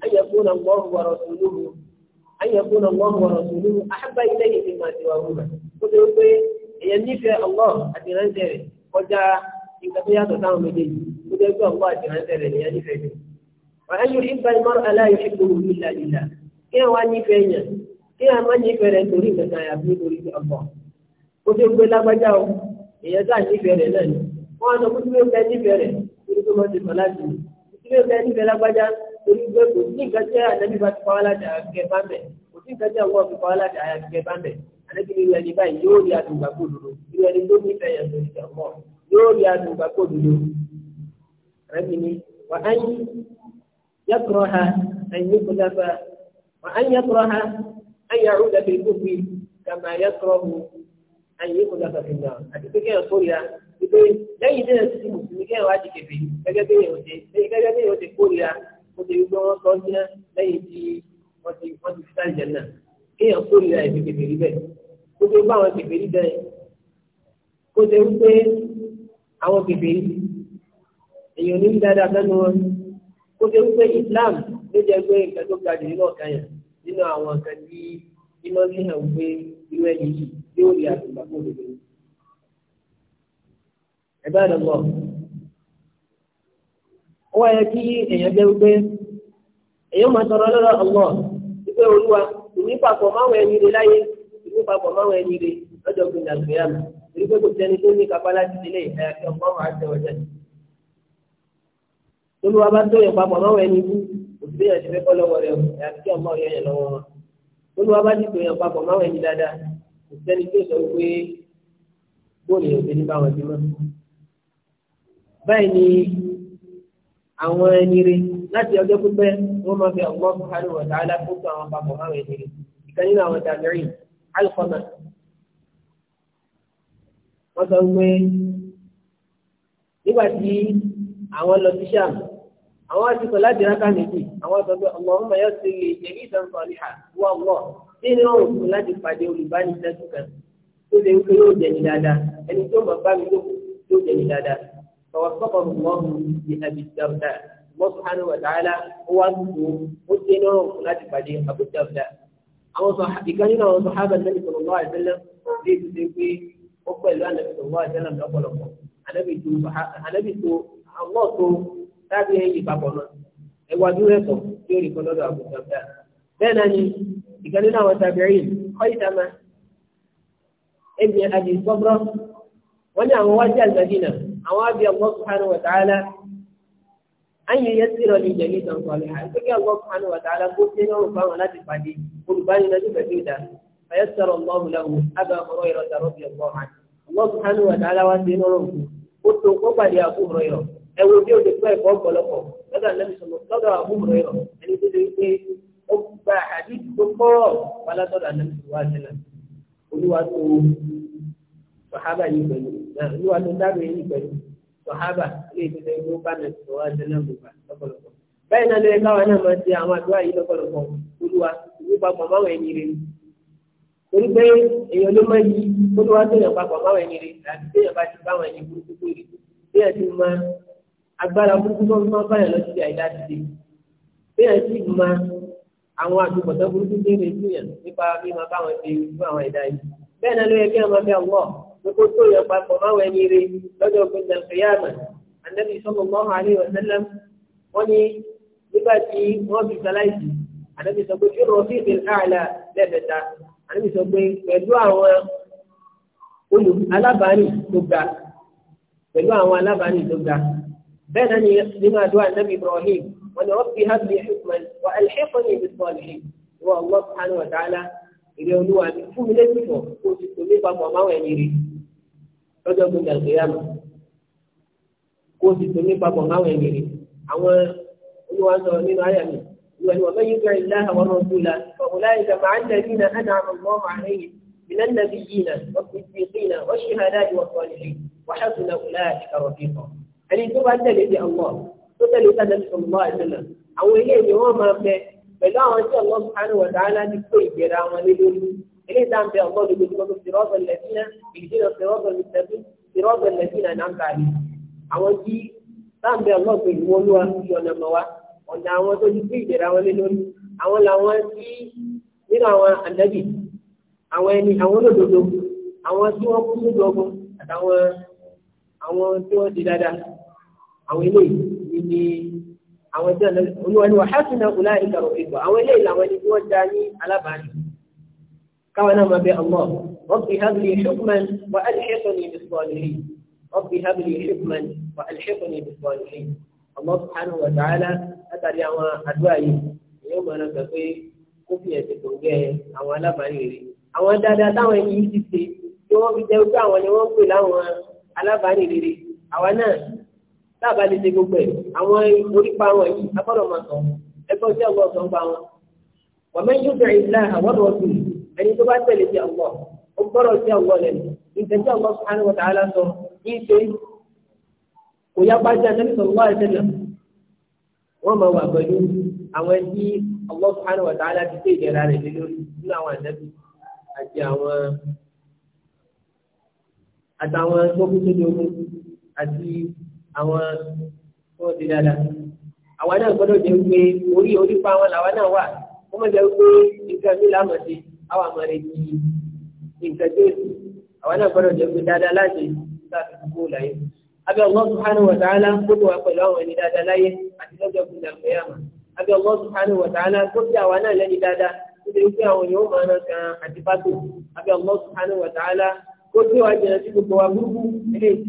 ayẹ fún ọgbọ́n wọ̀rọ̀ sùlùmù ayẹ fún ọgbọ́n wọ̀rọ̀ sùlùmù àbá ilé yìí ti máa ti wà wúlò ó ṣe pé èèyàn nífẹ̀ẹ́ ọgbọ́n àti ìrántẹ̀ rẹ̀ kọjá nǹkan tó yàtọ̀ sáwọn méjèèjì ó jẹ́ pé ọgbọ́n àti ìrántẹ̀ rẹ̀ nìyẹn nífẹ̀ẹ́ rẹ̀ wàá yóò ṣe kí a má nífẹ̀ẹ́ rẹ̀ torí ìfẹ̀sà àyàfi nítorí ọ̀pọ̀ kó tó gbé lágbájá o èèyàn tá nífẹ̀ẹ́ rẹ̀ náà ni wọ́n á sọ pé tíwé bẹ nífẹ̀ẹ́ rẹ̀ torí pé wọ́n ti sọ láti ní tíwé bẹ nífẹ̀ẹ́ lágbájá torí pé kò sí nǹkan tí ànábì bá ti pa wá láti àyàfikẹ́ bá mẹ́ kò sí nǹkan tí àwọn ọ̀fi pa wá láti àyàfikẹ́ bá mẹ́ ànábì ní ìrẹ́ni báyìí yóò rí an ya'uda fil kufri kama yakrahu an yughlaq fil nar àti pé kéèyàn kórìíra wípé lẹ́yìn náà ti mùsùlùmí kéèyàn wá di kèfè gẹ́gẹ́ bí èèyàn ṣe gẹ́gẹ́ bí èèyàn ṣe kórìíra ó ti wípé wọ́n sọ sí lẹ́yìn tí wọ́n ti wọ́n ti fi sáà jẹ́ náà kéèyàn kórìíra ìfi kèfè rí bẹ́ẹ̀ kó tó bá àwọn kèfè rí bẹ́ẹ̀ kó tó wípé àwọn kèfè rí èèyàn ní dáadáa fẹ́nu wọn kó Islam ló jẹ́ pé nǹkan tó ga nínú àwọn nǹkan tí ìmọ̀ fi hàn pé irú ẹni yìí yóò rí àtìgbàgbọ́ òdodo. ẹ bá rẹ lọ ó wáyé kí èèyàn jẹ́ wípé èèyàn máa tọrọ lọ́dọ̀ ọ̀gbọ́n wípé olúwa ìní papọ̀ máwọn ẹni rẹ láyé ìní papọ̀ máwọn ẹni rẹ lọ́jọ́ gbìyànjú àgbéyàmù torí pé kò sẹ́ni tó ní kápá láti délé àyàfi ọgbọ́n àti ọ̀jẹ̀. olúwa bá tó yẹ papọ̀ máwọn ẹni kú òbí yẹn ti fẹ́ kọ́ lọ́wọ́ rẹ o àti kí ọmọ ọ̀yọ́ yẹn lọ́wọ́ wọn olúwa bá ti pèèyàn papọ̀ máwọn ẹni dáadáa kò sẹ́ni tó sọ pé bóòlù yẹn ò dé ní báwọn ti mọ́ báyìí ni àwọn ẹni rẹ láti ọjọ́ pípẹ́ wọ́n máa fi àwọn ọmọ kárí wọn dáadáa fún fún àwọn papọ̀ máwọn ẹni rẹ ìkan nínú àwọn tàbírin alùpàmà wọ́n sọ pé nígbà tí àwọn lọ sí sàmù àwọn àti sọ láti rákà méjì àwọn sọ pé Allahumma yassir li jalisan salihan wà lọ nínú ọ̀rùn fún láti pàdé olùbánisẹ́sùn kan tó lè wípé yóò jẹ ní dáadáa ẹni tó mọ̀ bá mi yóò jẹ ní dáadáa tọwọ́sọ́kọ̀ lọ́hùn ní abidjabda subhanahu wa ta'ala ó wá tó ó dé náà fún láti pàdé abidjabda àwọn sọ ìkan nínú àwọn sọ̀hábà Nabi sallallahu alaihi láti ẹ̀yìn papọ̀ náà ẹwàdú ẹ̀tọ́ yóò rí kan lọ́dọ̀ àbùkù ọ̀dà bẹ́ẹ̀ náà ni ìkan nínú àwọn tàbírin kọ́ìtàmá ẹ̀mí àbí sọ́bùrọ̀ wọ́n ní àwọn wájú àgbàdìnà àwọn àbí Allah subhanahu wa ta'ala ayé yẹ sí ìrọ̀lẹ́ ìjẹ̀lẹ́ ìtàn sọ̀lẹ́ ha pé kí Allah subhanahu wa ta'ala kó ṣe lọ́rùn fáwọn láti pàdé olùbánilọ́jú pẹ̀lú ìdá فيسر الله له أبا هريرة رضي الله عنه الله سبحانه وتعالى وسينه قلت قبل يا أبو هريرة ẹwọ bí o lè kọ́ ẹ̀kọ́ ọ̀pọ̀lọpọ̀ lọ́dọ̀ àlẹ́bí sọ̀rọ̀ lọ́dọ̀ àbúrò ẹ̀rọ ẹni tó lè gbé ó gba àdìsí tó pọ̀ palátọ́dọ̀ àlẹ́bí sọ̀rọ̀ àṣẹlẹ̀ olúwa tó sọ̀hábà yìí pẹ̀lú olúwa tó dábìí yìí pẹ̀lú sọ̀hábà lè ti lè gbó bánà sọ̀rọ̀ àṣẹlẹ̀ gbogbo lọ́pọ̀lọpọ̀ bẹ́ẹ̀ náà lè káwọn náà máa ti àwọn àdúrà yìí lọ́pọ̀lọpọ̀ olúwa nípa pàmò àwọn ẹni rere torí pé èèyàn ló máa yí olúwa tó yàn papọ̀ máwọn ẹni rere àti agbára burúkú tó ń máa báyà lọ sí àìdá dìde bí ẹ sì ma àwọn àtúbọ̀tán burúkú tó ń lè fún yàn nípa bí máa bá wọn ṣe fún àwọn àìdá yìí bẹ́ẹ̀ náà ló yẹ kí wọn máa bẹ ọwọ́ pé kó tó yẹ papọ̀ máa wẹ̀ nyere lọ́jọ́ gbẹ̀dẹ̀ fìyàmà anabi sallallahu alaihi wa sallam wọ́n ní nígbà tí wọ́n fi sáláìsì anabi sọ pé yóò rọ sí káàlà lẹ́ẹ̀mẹ́ta anabi sọ pé pẹ̀lú àwọn olù alábàárì tó ga pẹ̀lú àwọn alábàárì tó ga بينني لما دعا النبي إبراهيم وأن ربي هب لي حكما وألحقني بالصالحين والله سبحانه وتعالى ilé olúwa ni fún mi lẹ́yìn ìfọ̀ kó o ti tò mí papọ̀ máwọn ẹni rí lọ́jọ́ gbogbo àgbéyàmù kó o ti tò mí papọ̀ máwọn ẹni rí àwọn olúwa sọ nínú ayà mi ìwà ni wọ́n mẹ́yìn gba ìlà àwọn ọmọ ọdún la ọ̀hún láyé ìjàmbá á ń tẹ̀lé iná á nà àwọn ọmọ àárín ìlànà nàbí yìí nà wọ́n fi ti ìpín nà wọ́n ṣe hàdá ìwọ̀n sọ̀rọ̀ ẹni tó bá tẹ̀lé di ọwọ́ tó tẹ̀lé sáde sọ̀rọ̀ àìsàn àwọn ilé ìwé wọn máa bẹ pẹ̀lú àwọn tí ọ̀gbọ́n sanu wọ̀dà aláàdì kó ìgbéra wọn lé lórí ilé ìdáǹbẹ̀ ọ̀gbọ́n lójoojúmọ́ sirọ́ọ̀tọ̀ lẹ́sìnà ìdílé sirọ́ọ̀tọ̀ lẹ́sẹ̀bí sirọ́ọ̀tọ̀ lẹ́sìnà nàǹkàrí àwọn tí dáǹbẹ̀ ọ̀gbọ́n pè ní wọlúwa sí ọ̀nà mọ̀ wa ọ̀nà àwọn tó ti kó ìgbéra wọn lé lórí àwọn eléyìí ní àwọn ẹgbẹ́ olúwa ni wà hásùn náà kùlá ìkàrọ̀ ìgbà àwọn eléyìí làwọn ẹni tí wọ́n dá ní alábàání káwọn náà máa bẹ ọmọ rọ́bì hábìlì ṣọ́kùnmán wà alìṣẹ́kùnì bìsọ̀lì rọ́bì hábìlì ṣọ́kùnmán wà alìṣẹ́kùnì bìsọ̀lì ọmọ sùhánù wà tààlà látàrí àwọn àdúrà yìí ìyẹn mọ̀ náà pé kó fi ẹ̀sìn tó gẹ àwọn alábàání rẹ̀ àwọn dáadáa táwọn ẹni yìí ti ṣe tí wọ́n fi jẹ́ pé àwọn ni wọ́n pè láwọn alábàání rere àwa náà táàbà lè ṣe gbogbo ẹ̀ àwọn orípa wọn yìí agbọ́dọ̀ máa sọ ẹgbẹ́ tí ọgbọ́n sọ ń pa wọn. wàmí yóò bẹ̀rẹ̀ ìlà àwọn ọ̀dọ́ ẹni tó bá tẹ̀lé sí ọgbọ́n ó gbọ́dọ̀ sí ọgbọ́n lẹ́nu ìtẹ̀sí ọgbọ́n sùn àwọn ọ̀tá aláṣọ yìí ṣe kò yá pàṣẹ àtẹnusọ̀ wọ́n àìsẹ̀lẹ̀ wọ́n máa wà pẹ̀lú àwọn ẹbí Allah subhanahu wa ta'ala ti tẹ́ ìdẹ̀ra àwọn tó ti dáadáa àwa náà gbọ́dọ̀ jẹ́ pé orí orípa wọn làwa náà wà wọ́n mọ̀ jẹ́ pé nǹkan mi làmọ̀ sí àwọn àmọ̀ rẹ̀ ti nǹkan tó sì àwa náà gbọ́dọ̀ jẹ́ pé dáadáa láti láti kú láyé abẹ́ Allah subhanahu wa ta'ala kó tó wà pẹ̀lú àwọn ẹni dáadáa láyé àti lọ́jọ́ kùnà àgbéyàmà abẹ́ Allah subhanahu wa ta'ala kó tí àwa náà lẹ́ni dáadáa kó tó wípé àwọn yòó máa ná kan àti pátó abẹ́ Allah subhanahu wa ta'ala kó tó wà jẹ́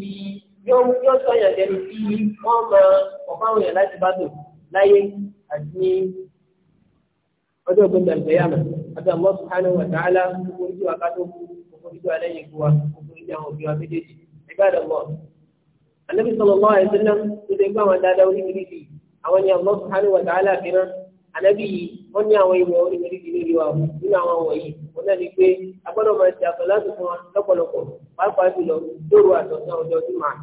yóò yóò sọyàn lẹnu bí wọn máa ọ̀pá àwọn èèyàn láti bá dùn láyé àti ní ọjọ́ ògbóǹdà ìgbéyàmọ̀ àti àwọn subhanahu wa ta'ala gbogbo ojú àkàtó gbogbo ojú àlẹ́yìn ìgbò wa gbogbo ojú àwọn òbí wa méjèèjì ìbáàdàn mọ́. Ànábì sallallahu alaihi wasallam tó dé gbọ́ àwọn dáadáa oríṣiríṣi àwọn ni àwọn subhanahu wa ta'ala fìràn ànábì yìí wọ́n ní àwọn ìwọ̀ oríṣiríṣi lórí wa nínú àwọn wọ̀nyí wọn náà ni pé agbọ́dọ̀ máa ṣe àtọ̀ láti fún wa lọ́pọ̀lọpọ̀ pàápàá jùlọ lóru àtọ̀sán ọjọ́ Jímọ̀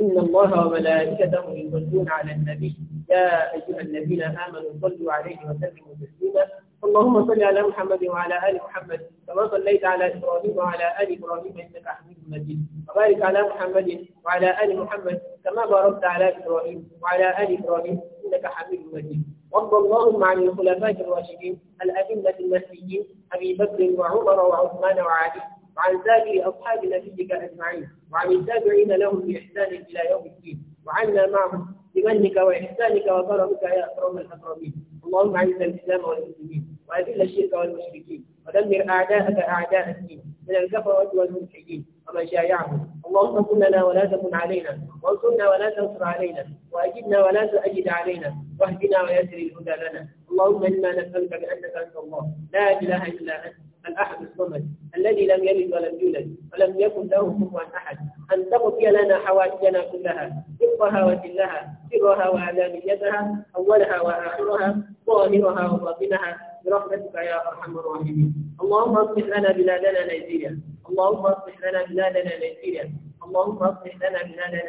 إن الله وملائكته يصلون على النبي يا أيها الذين آمنوا صلوا عليه وسلموا تسليما اللهم صل على محمد وعلى آل محمد كما صليت على إبراهيم وعلى آل إبراهيم إنك حميد مجيد وبارك على محمد وعلى آل محمد كما باركت على إبراهيم وعلى آل إبراهيم إنك حميد مجيد وارض اللهم عن الخلفاء الراشدين الأئمة المهديين أبي بكر وعمر وعثمان وعلي وعن سائر أصحاب نبيك أجمعين وعن التابعين لهم بإحسان إلى يوم الدين وعنا معهم بمنك وإحسانك وكرمك يا أكرم الأكرمين اللهم أعز الإسلام والمسلمين وأذل الشرك والمشركين ودمر أعداءك أعداء الدين من الكفرة والملحدين ومن شايعهم اللهم كن لنا ولا تكن علينا وانصرنا ولا تنصر علينا وأجبنا ولا تؤجد علينا واهدنا ويسر الهدى لنا اللهم إنا نسألك بأنك أنت الله لا إله إلا أنت الأحد الصمد الذي لم يلد ولم يولد ولم يكن له كفوا أحد أن تقضي لنا حوائجنا كلها دقها وجلها سرها وعلانيتها أولها وآخرها ظاهرها وباطنها برحمتك يا أرحم الراحمين اللهم اصلح لنا بلادنا نيجيريا اللهم اصلح لنا بلادنا نيجيريا اللهم اصلح لنا بلادنا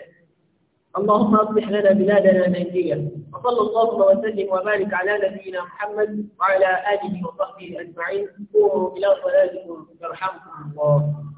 اللهم أصلح لنا بلادنا نيجيا وصلى اللهم وسلم وبارك على نبينا محمد وعلى آله وصحبه أجمعين قوموا إلى صلاتكم يرحمكم الله